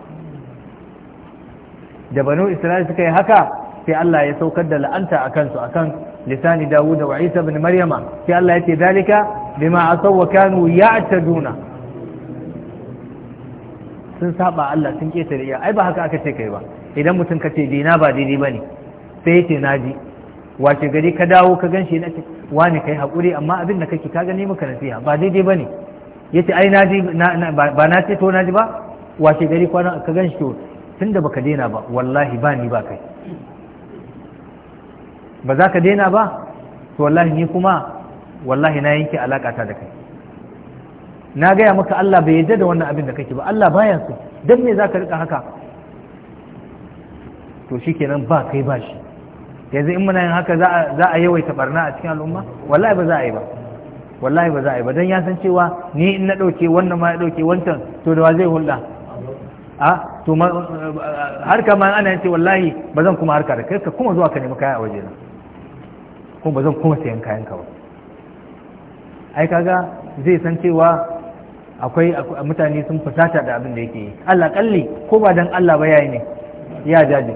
da banu isra'il suka yi haka sai Allah ya saukar da la'anta akan su akan lisani داود wa isa مريم maryama sai Allah yace dalika bima asaw wa kanu الله sun saba Allah sun ketare iya haka aka ce kai ba idan mutum ka ce dina ba daidai bane sai wace gari ka dawo ka ganshi na ce wani kai hakuri amma abin da kake ka gani maka nasiha ba daidai bane yace ai naji ba na ce to naji ba wace gari ka ganshi to tunda baka daina ba wallahi ba ni ba kai ba za ka daina ba to wallahi ni kuma wallahi na yanke alakata da kai na gaya maka Allah bai yarda da wannan abin da kake ba Allah baya so dan me za ka rika haka to shikenan ba kai ba shi yanzu in muna yin haka za a yawaita barna a cikin al'umma wallahi ba za a yi ba wallahi ba za a yi ba don ya san cewa ni in na ɗauke wannan ma ya ɗauke wancan to da wa zai hulɗa a to harka ma ana yace wallahi ba zan kuma harka da kai ka kuma zuwa ka nemi kaya a waje na kuma ba zan kuma sayan kayan ka ba ai kaga zai san cewa akwai mutane sun fusata da abin da yake yi Allah kalli ko ba dan Allah ba yayi ne ya jaji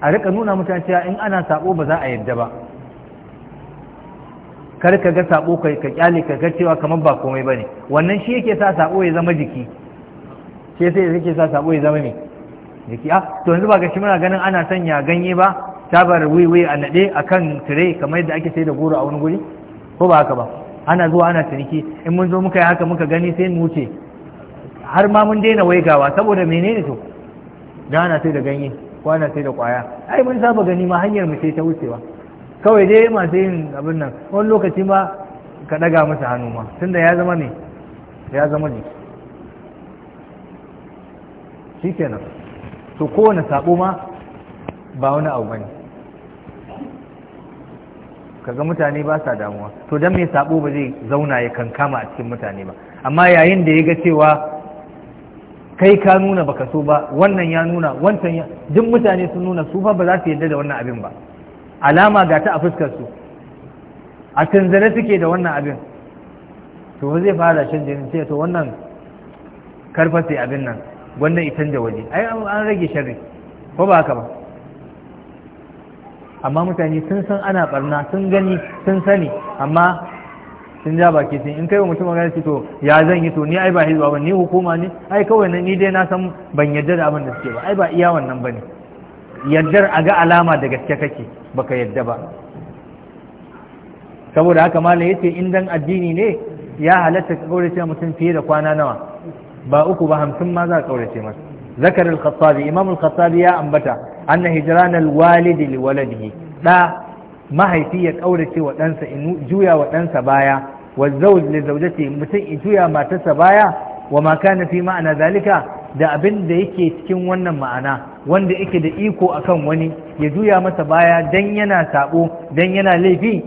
a rika nuna mutane cewa in ana sabo ba za a yadda ba kar ka ga sabo kai ka kyale ka ga cewa kamar ba komai bane wannan shi yake sa sabo ya zama jiki Ke sai yake sa sabo ya zama ne? jiki ah to yanzu ba ga shi muna ganin ana sanya ganye ba tabar wiwi a naɗe a kan tire kamar yadda ake sai da goro a wani guri ko ba haka ba ana zuwa ana ciniki in mun zo muka yi haka muka gani sai mu wuce har ma mun daina waigawa saboda menene to da ana sai da ganye ko ana sai da kwaya ai mun saba gani ma hanyar mu sai ta wucewa kawai dai masu yin abin nan wani lokaci ma ka ɗaga masa hannu ma tunda ya zama ne ya zama ne shikenan to kowane sabo ma ba wani abu bane kaga mutane ba sa damuwa to dan mai sabo ba zai zauna ya kankama a cikin mutane ba amma yayin da ya ga cewa kai ka nuna baka so ba wannan ya nuna wancan ya duk mutane sun nuna su fa ba za su yarda da wannan abin ba alama ga ta a fuskar su a tanzare suke da wannan abin to ba zai fara shan ne sai to wannan karfa sai abin nan wannan itan da waje ai an rage sharri ko ba haka ba amma mutane sun san ana barna sun gani sun sani amma sun ja baki sun in kai wa mutum magana to ya zan yi to ni ai ba hizba ba ni hukuma ne ai kawai ni dai na san ban yadda da abin da suke ba ai ba iya wannan bane yaddar a ga alama da gaske kake baka yadda ba saboda haka malam yace in dan addini ne ya halatta ka kaurace mutum fiye da kwana nawa ba uku ba hamsin ma za ka kaurace masa zakar al-khattabi imam al-khattabi ya ambata anna hijran al-walid li waladihi da mahaifi ya ƙaurace wa ɗansa in juya wa ɗansa baya wa zawj li zawjati mutum in juya matarsa baya wa maka kana fi ma'ana zalika da abin da yake cikin wannan ma'ana wanda yake da iko akan wani ya juya masa baya dan yana sabo dan yana laifi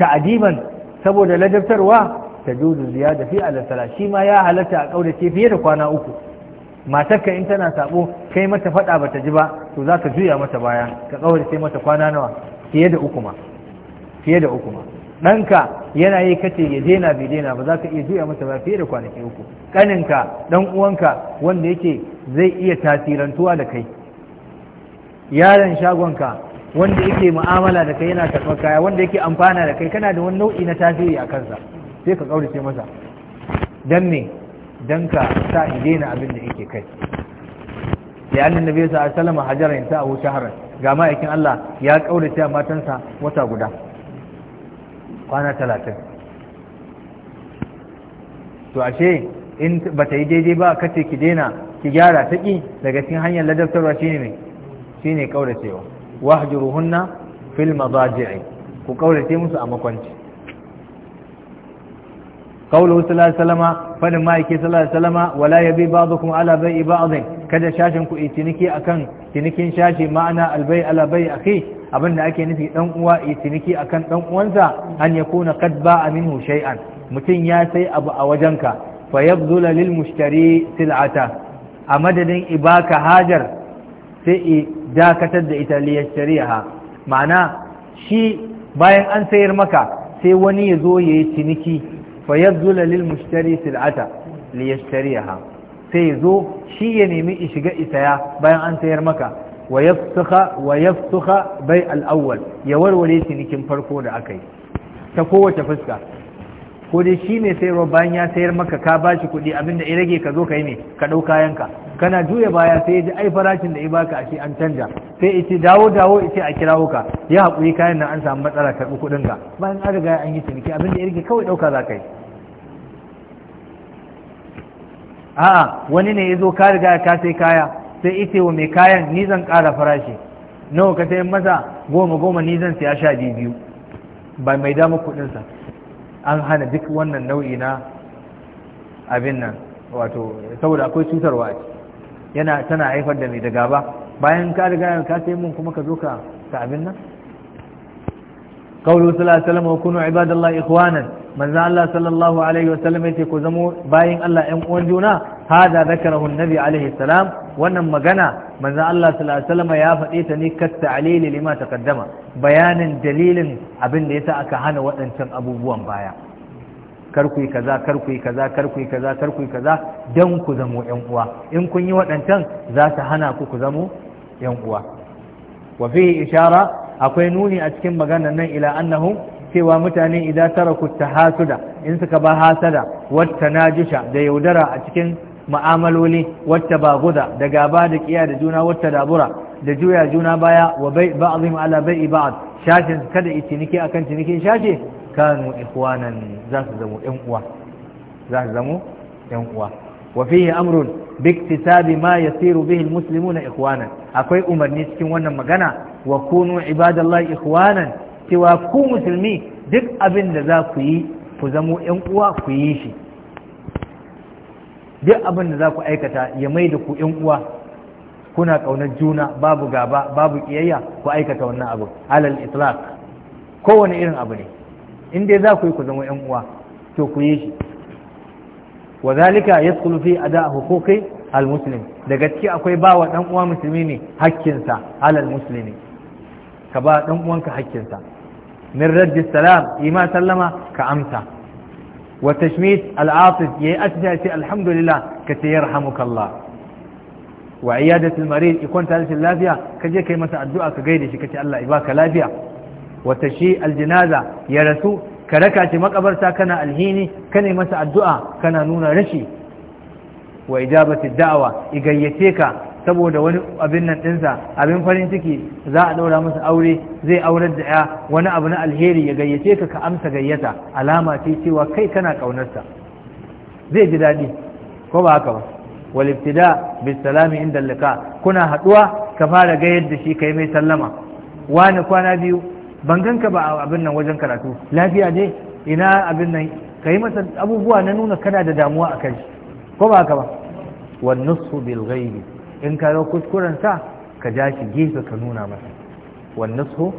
ta'adiban saboda ladabtarwa ta juzu ziyada fi al shi ma ya halarta a ƙaurace fiye da kwana uku matarka in tana sabo kai mata fada bata ji ba to za ka juya mata baya ka kawar sai mata kwana nawa fiye da uku ma fiye da uku ma ɗanka yana yi kace ya daina bai daina ba za ka iya juya mata ba fiye da kwanaki uku ƙaninka ɗan uwanka wanda yake zai iya tasirantuwa da kai yaron shagonka wanda yake mu'amala da kai yana karɓar kaya wanda yake amfana da kai kana da wani nau'i na tasiri a kansa sai ka sai masa dan me don ka sa in daina abin da yake kai da annan nabi sa sallama hajara in ta abu shaharar ga ma'aikin Allah ya kaurace matansa wata guda kwana talatin to ashe in ba ta yi daidai ba kace ki daina ki gyara ta ki daga cikin hanyar ladabtarwa shine ne shine kauracewa wahjuruhunna fil madaji'i ku kaurace musu a makwanci qawluhu sallallahu alaihi wasallama fadin ma'aiki sallallahu alaihi wasallama wala yabi ba'dukum ala bai'i ba'd kada shashin ku itiniki akan cinikin shashi ma'ana albai ala bai akhi abinda ake nufi ɗan uwa itiniki akan ɗan uwansa an yakuna qad ba'a minhu shay'an mutum ya sai abu a wajenka fa yabdhula lil mushtari sil'ata a madadin ibaka hajar sai i dakatar da ita liyashariha ma'ana shi bayan an sayar maka sai wani ya zo ya yi ciniki fa yabdula lil mushtari sil'ata li yashtariha sai zo shi ya nemi shiga isaya bayan an sayar maka wa yafsakha bai al ya warware cinikin farko da aka yi ta kowace fuska ko shi mai sayarwa bayan ya sayar maka ka bashi kuɗi abinda ya rage ka zo ka yi ne ka ɗau kayanka kana juya baya sai ya ji ai farashin da ya baka a shi an canja sai ya dawo dawo ya a kirawo ka ya haƙuri kayan nan an samu matsala karɓi kuɗin ka bayan an riga an yi ciniki abinda ya rage kawai ɗauka za a'a wani ne ya zo ka riga ka sai kaya sai ita wa mai kayan ni zan ƙara farashi nawa ka sai masa goma goma ni zan siya sha biyu ba mai dama kuɗinsa an hana duk wannan nau'i na abin nan wato saboda akwai cutarwa a yana tana haifar da mai da gaba bayan ka riga ka sai mun kuma ka zo ka abin nan qawlu sallallahu alaihi wasallam wa kunu ibadallahi ikhwanan manzo Allah sallallahu alaihi wasallam yace ku zamo bayan Allah ɗan uwan juna hada zakarahu annabi alaihi wannan magana manzo Allah sallallahu ya faɗe ta ne kat ta lima taqaddama bayanin dalilin abinda ya sa aka hana waɗancan abubuwan baya kar ku kaza kar kaza kar kaza kar kaza dan ku zamo ƴan uwa in kun yi waɗancan za ta hana ku ku zamo ƴan uwa wa fihi ishara akwai nuni a cikin maganar nan ila Annahu? cewa mutane idan taraku tahasuda in suka ba hasada wata najisha da yaudara a cikin ma'amaloli wata baguda da gaba da kiya da juna wata dabura da juya juna baya wa bai ba'dhum ala bai'i ba'd shashin kada ciniki akan tinikin shashi kanu ikhwanan za su zamo ɗan uwa za su zamo ɗan uwa wa fihi amrun biktisabi ma yasiru bihi almuslimuna ikhwanan akwai umarni cikin wannan magana wa kunu ibadallahi ikhwanan cewa ku musulmi duk abin da za ku yi ku zamo yan uwa ku yi shi duk abin da za ku aikata ya mai da ku yan uwa kuna ƙaunar juna babu gaba babu kiyayya ku aikata wannan abu alal itlaq kowane irin abu ne in dai za ku yi ku zama yan uwa to ku yi shi wa zalika yadkhulu fi ada huquqi al muslim daga gaske akwai bawa dan uwa musulmi ne hakkinsa alal muslimi ka ba ɗan uwanka hakkinsa min raddi salam ima sallama ka amsa wa tashmit al'atif yayi asja ce alhamdulillah ka ce yarhamukallah wa iyadatul marid ikon ta rashin lafiya ka je kai masa addu'a ka gaida shi ka ce Allah ya baka lafiya wa tashi aljinaza ya rasu ka raka shi makabarta kana alhini ka ne masa addu'a kana nuna rashi wa ijabati da'awa igayyace ka saboda wani abin nan dinsa, abin farin ciki za a ɗaura masa aure zai aurar da ya wani abu na alheri ya gayyace ka ka amsa gayyata alama ce cewa kai kana ƙaunarsa zai ji daɗi ko ba haka ba walibtida bis salami inda laka kuna haɗuwa ka fara gayar da shi kai mai sallama wani kwana biyu ban ganka ba a abin nan wajen karatu lafiya ne ina abin nan ka masa abubuwa na nuna kana da damuwa a kai ko ba haka ba wan nusfu bil ghaibi in ka zo kuskurensa ka ja shi gefe ka nuna masa wani nasu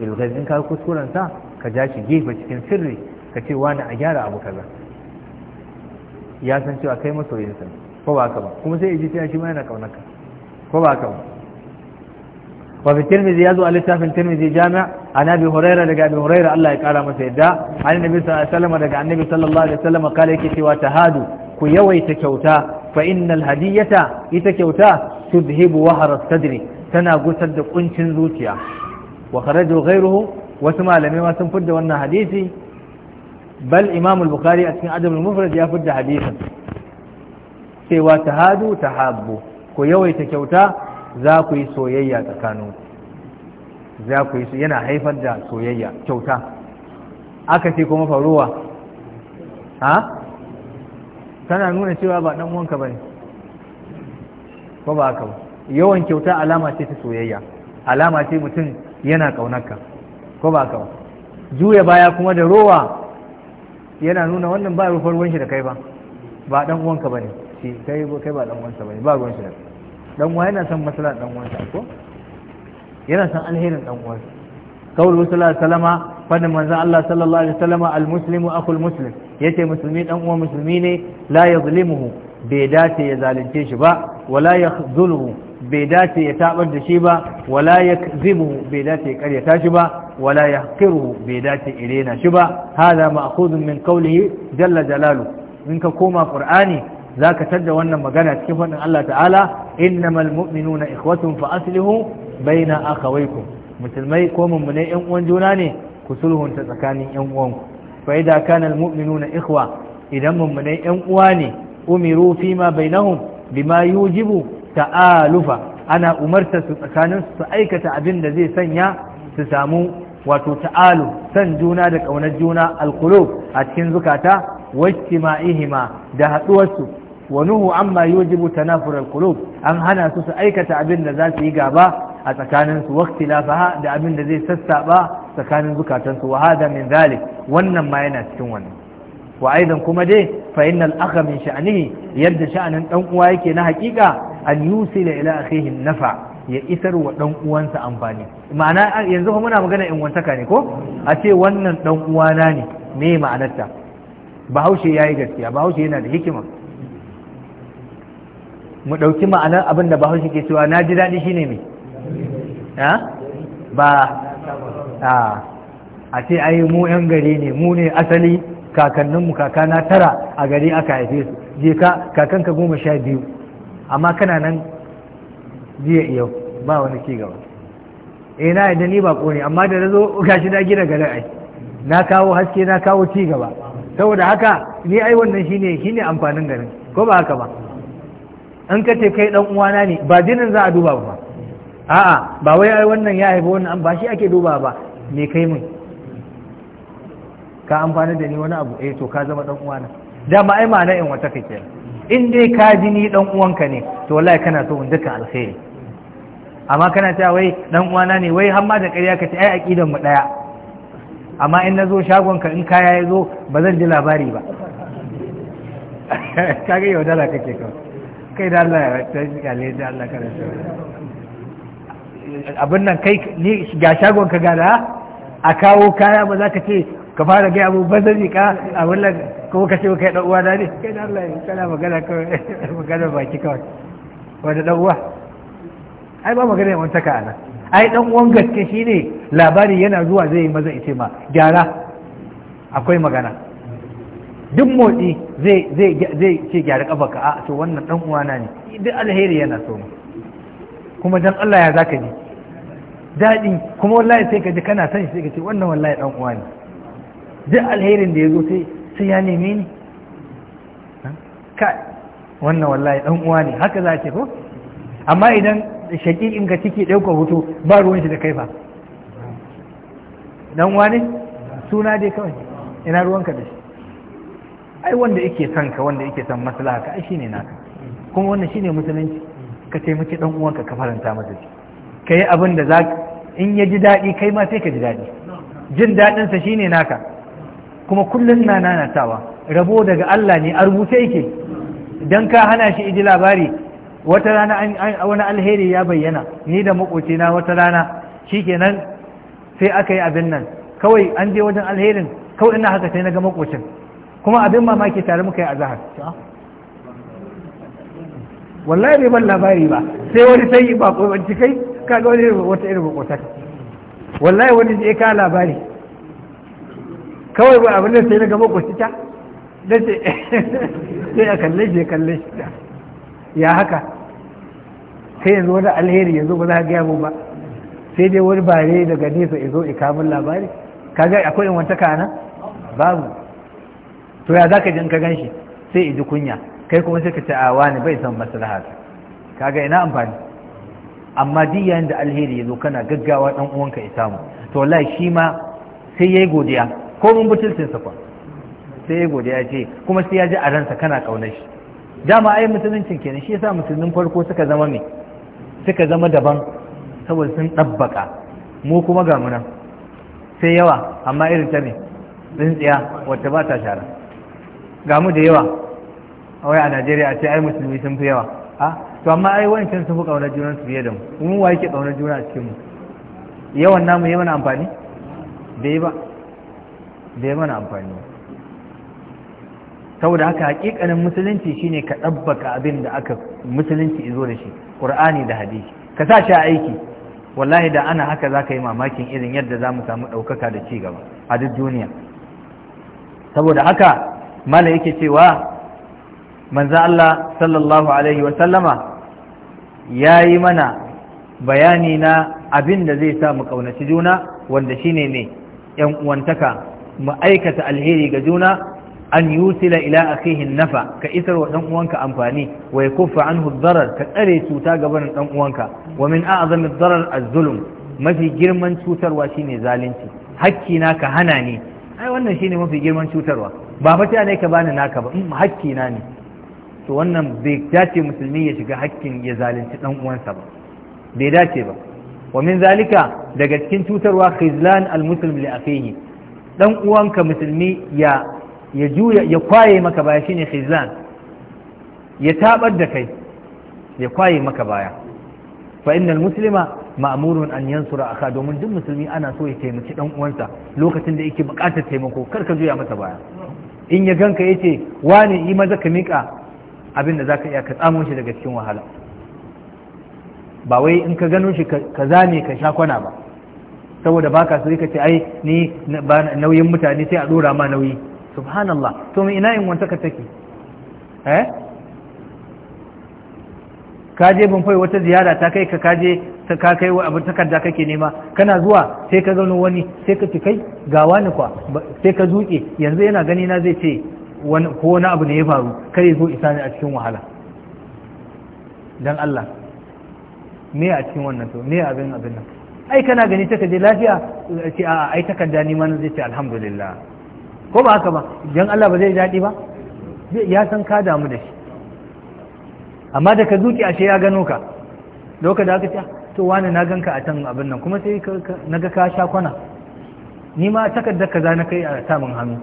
ilgaz in ka zo kuskurensa ka ja shi gefe cikin sirri ka ce wani a gyara abu kaza ya san cewa kai masoyinsa ko ba ka ba kuma sai iji cewa shi ma yana kaunaka ko ba ka ba wa fi tirmizi ya zo a littafin tirmizi jami'a a nabi horaira daga abin horaira. allah ya kara masa yadda an nabi sallallahu alaihi wasallam daga annabi sallallahu alaihi wa wasallam kala yake cewa ta hadu, ku yawaita kyauta fa innal hadiyata ita kyauta tudhibu wahar sadri tana gusar da kuncin zuciya wa kharaju ghayruhu wasu malamai ma sun fidda wannan hadisi bal imam al-bukhari a cikin adab al-mufrad ya fidda hadisin cewa tahadu tahabbu ku yawaita kyauta za ku yi soyayya tsakaninku za ku yi yana haifar da soyayya kyauta aka ce kuma faruwa ha tana nuna cewa ba dan uwanka bane ko ba haka yawan kyauta alama ce ta soyayya alama ce mutum yana kaunarka ko ba haka juya baya kuma da rowa yana nuna wannan ba rufar ruwan shi da kai ba ba dan uwanka bane shi kai kai ba dan uwansa bane ba ruwan shi da dan uwa yana son maslahan dan uwansa ko yana son alherin dan uwansa قوله صلى الله عليه manzan Allah sallallahu alaihi salama al-muslimu akhul muslim yace musulmi dan uwa musulmi ne la yazlimuhu bai dace ya zalunce shi ba wala yakhzuluhu bai dace ya tabar da shi ba wala yakzibuhu bai dace ya karyata shi ba wala yahqiruhu bai dace irena shi ba hada ma'khudun min qawlihi jalla jalalu in ka koma qur'ani zaka tadda wannan magana cikin fadin Allah ta'ala innamal mu'minuna ikhwatun fa aslihu baina akhawaykum musulmai ko mummunai yan uwan juna ne ku sulhunta tsakanin yan uwanku fa idza kana almu'minuna ikhwa idan mummunai yan uwa ne umiru fima bainahum bima yujibu ta'alufa ana umarta su tsakanin su aikata abin da zai sanya su samu wato ta'alu san juna da ƙaunar juna alkulub a cikin zukata wajtima'ihima da haɗuwarsu wa nuhu amma yujibu tanafur alkulub an hana su su aikata abin da za su yi gaba a tsakaninsu lafaha da abin da zai sassaba tsakanin zukatansu wa hada min zalik wannan ma yana cikin wannan wa aidan kuma dai fa innal akha min sha'nihi yadda sha'anin dan uwa yake na hakika an yusila ila akhihi nafa ya isar wa dan uwansa amfani ma'ana yanzu kuma muna magana in wantaka ne ko a ce wannan dan uwa na ne me ma'anarta bahaushe yayi gaskiya bahaushe yana da hikima mu ɗauki ma'anar abin da bahaushe ke cewa na ji daɗi shine me ba a ce ai mu 'yan gari ne mu ne asali kakanninmu kakana tara a gari aka haife su je ka kakanka goma sha biyu amma kana nan jiya iya ba wani ke gaba eh na yadda ni ba ne amma da na zo gashi na gina gari ai na kawo haske na kawo ci gaba saboda haka ni ai wannan shine ne amfanin garin ko ba haka ba In ka ce kai dan uwana ne ba jinin za a duba ba a'a ba wai ai wannan ya haifi wannan ba shi ake duba ba me kai mun ka amfani da ni wani abu eh to ka zama dan uwana dama ai ma'ana in wata kake in dai ka ji ni dan uwanka ne to wallahi kana so in duka alkhairi amma kana ta wai dan uwana ne wai har ma da ƙarya ka ce ai aqidan mu daya amma in nazo shagon ka in kaya ya zo ba zan ji labari ba kage yaudara kake kawai kai da Allah ya ta shi da Allah kada shi abin nan kai ne ga shagon ka gada a kawo kaya ba za ka ce ka fara gaya abu zai ka a wannan kuma ka ce ka yi ɗan'uwa na ne kai na Allah kana magana kawai magana baki kawai wani ɗan'uwa ai ba magana yawan taka a nan ai uwan gaske shi ne labari yana zuwa zai yi maza ita ma gyara akwai magana duk motsi zai ce gyara kafa ka a to wannan uwa na ne duk alheri yana so kuma dan Allah ya zaka ji daɗi kuma wallahi sai ka ji kana san shi sai ka ce wannan wallahi ɗan uwa ne duk alherin da ya zo sai sai ya neme ni kai wannan wallahi ɗan uwa ne haka za ce ko amma idan in ka ciki ɗaukar hoto ba ruwan shi da kai ba ɗan uwa ne suna dai kawai ina ruwanka da shi ai wanda yake son ka wanda yake son maslaha ka ai shine naka kuma wannan shine musulunci ka taimaki ɗan uwanka ka faranta masa shi ka yi abin da in ya ji daɗi kai ma sai ka ji daɗi jin daɗinsa shi ne naka kuma kullum na nanatawa rabo daga Allah ne a rubuce yake don ka hana shi iji labari wata rana wani alheri ya bayyana ni da maƙocina wata rana shi nan, sai aka yi abin nan kawai an je wajen alherin kawai ina haka sai na ga maƙocin. kuma abin mamaki tare muka yi a zahar wallahi bai ban labari ba sai wani sai ba kai kaga wani irin wata irin makota wallahi wani je ka labari kawai ba abin da sai na gama kwacita da ce sai a kalle shi kalle shi ya haka sai yanzu wani alheri yanzu ba za a gaya mu ba sai dai wani bare daga nesa ya zo ikamin labari kaga akwai in wanta kana babu to ya zaka jin ka gan shi sai ji kunya kai kuma sai ka ce a wani bai san maslaha kaga ina amfani amma duk yayin da alheri ya zo kana gaggawa dan uwanka ya samu to wallahi shi ma sai yayi godiya ko mun butulcin sa fa sai yayi godiya ce kuma sai ya ji a ransa kana kaunar shi dama ai musuluncin kenan shi yasa musulmin farko suka zama me suka zama daban saboda sun dabbaka mu kuma ga muna sai yawa amma irin ta ne tsintsiya wacce ba ta shara ga mu da yawa A wai a Najeriya a ce ai musulmi sun fi yawa a to amma ai wancan sun fi ƙaunar junan su fiye da mu mun wa yake ƙaunar juna a cikin mu yawan namu yi mana amfani bai ba bai mana amfani saboda haka hakikanin musulunci shine ka ɗabbaka abin da aka musulunci izo da shi ƙur'ani da hadisi ka sa shi a aiki wallahi da ana haka za ka yi mamakin irin yadda za mu samu ɗaukaka da ci gaba a duk duniya saboda haka mala yake cewa manzo Allah sallallahu alaihi wa sallama ya yi mana bayani na abin da zai sa mu ƙaunaci juna wanda shine ne ‘yan uwantaka mu aikata alheri ga juna an yusila ila akhihi nafa ka isar wa dan uwanka amfani wa yakuffa anhu darar ka tsare cuta gaban dan uwanka wa min a'zami darar az-zulm mafi girman cutarwa shine zalunci hakki na ka hana ni ai wannan shine mafi girman cutarwa ba fa ne ka bani naka ba mm, hakki na ne to wannan bai dace musulmi ya shiga hakkin ya zalunci dan uwansa ba bai dace ba wa min zalika daga cikin cutarwa khizlan muslim li akhihi dan uwanka musulmi ya ya juya ya kwaye maka baya shine khizlan ya tabar da kai ya kwaye maka baya fa innal muslima ma'murun an yansura akha domin duk musulmi ana so ya taimaki dan uwansa lokacin da yake bukatar taimako kar ka juya masa baya in ya ganka yace wani yi maza ka mika abin da zaka iya ka tsamo shi daga cikin wahala ba wai in ka gano shi ka zame ka sha kwana ba saboda baka sai ka ce ai ni nauyin mutane sai a dora ma nauyi subhanallah to mai ina in wanta ka take eh ka je bin fai wata ziyara ta kai ka kaje ka kai wa abin takarda kake nema kana zuwa sai ka gano wani sai ka ci kai ga wani kwa sai ka zuke yanzu yana gani na zai ce ko wani abu ne ya faru kar ya zo isa ne a cikin wahala don Allah me a cikin wannan to me abin abin nan ai kana gani ta kaje lafiya ce a ai takarda ni ma zai ce alhamdulillah ko ba haka ba don Allah ba zai daɗi ba ya san ka damu da shi amma da ka zuki ashe ya gano ka lokacin da aka ce ah, to wani na ganka a can abin nan kuma sai na ga ka sha kwana ni ma takardar kaza na kai a samun hannu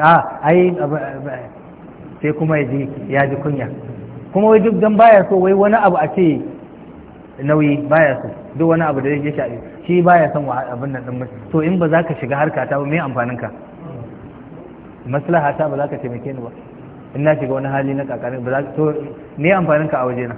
ai sai kuma ya ji kunya kuma wai duk don baya so wai wani abu a ce nauyi baya so duk wani abu da ya shafi shi baya son wa abin nan din to in ba za ka shiga harka ta ba me amfanin ka maslaha ta ba za ka taimake ni ba in na shiga wani hali na kakarin ba za to me amfanin ka a waje na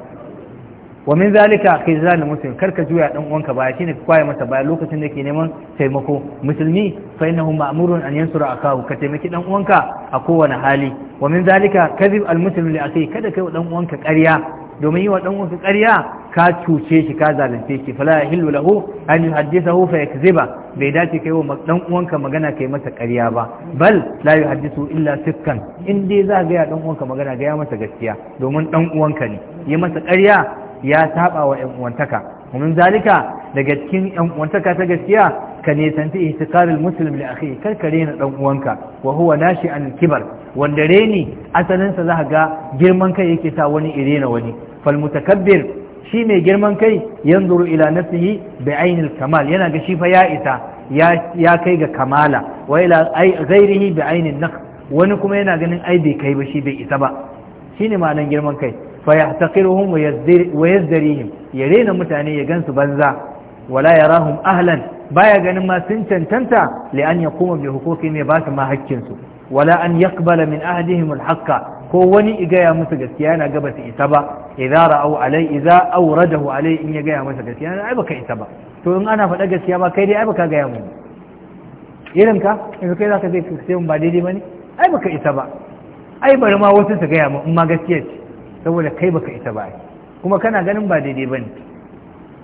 wa min zalika khizlan muslim karka juya dan uwanka baya shine ka kwaye masa baya lokacin da yake neman taimako musulmi fai na ma'murun an yansura akahu ka taimaki dan uwanka a kowane hali wa min zalika kadhib al muslim li akhi kada kai dan uwanka ƙarya domin yi wa dan uwanka ka cuce shi ka zalunce shi fala yahillu lahu an yuhaddithahu fa yakziba bai dace kai wa dan uwanka magana kai masa ƙarya ba bal la yuhaddithu illa sikkan in dai za a gaya dan uwanka magana ga masa gaskiya domin dan uwanka ne yi masa ƙarya ya saba wa 'yan uwantaka mun zalika daga cikin 'yan uwantaka ta gaskiya ka nisanci ihtiqarul muslim li akhi kar ka rena dan uwanka wa huwa nashi an kibar wanda reni asalinsa sa zaka ga girman kai yake sa wani irena wani fal mutakabbir shi mai girman kai yanzuru ila nafsihi bi ainil kamal yana ga shi fa ya isa ya kai ga kamala wa ila ghairihi bi ainin naqs wani kuma yana ganin ai bai kai ba shi bai isa ba shine ma'anar girman kai fa yahtaqiruhum wa yazdarihim ya daina mutane ya gansu banza wala yarahum ahlan baya ganin masu sun cancanta li an yaquma bi huquqihim ya basu ma hakkin wala an yaqbala min ahdihim alhaqqa ko wani igaya musu gaskiya yana gaba su isa ba idza ra'au alai in gaya masa gaskiya ai baka isa ba to in faɗa gaskiya ba kai dai ai gaya mu irin ka ba ba ma wasu su gaya mu in ma ce saboda kai baka ita ba kuma kana ganin ba daidai bane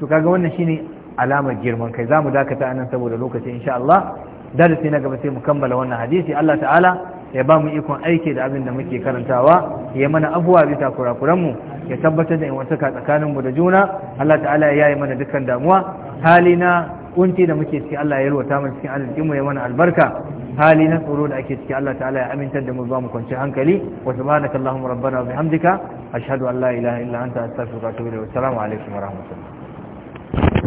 to kaga wannan shine alamar girman kai zamu dakata anan saboda lokaci insha Allah darasi na gaba sai mu kammala wannan hadisi Allah ta'ala ya ba mu ikon aiki da abin da muke karantawa ya mana abuwa bisa mu ya tabbatar da tsakanin tsakaninmu da juna Allah ta'ala ya yi mana dukkan damuwa hali na da muke ciki Allah ya yalwata mu cikin arzikinmu ya mana albarka hali na tsoro da ake ciki Allah ta'ala ya amintar da mu ba mu kwanci hankali wa subhanaka allahumma rabbana wa bihamdika ashhadu an la ilaha illa anta astaghfiruka wa atubu ilayk assalamu alaikum wa rahmatullah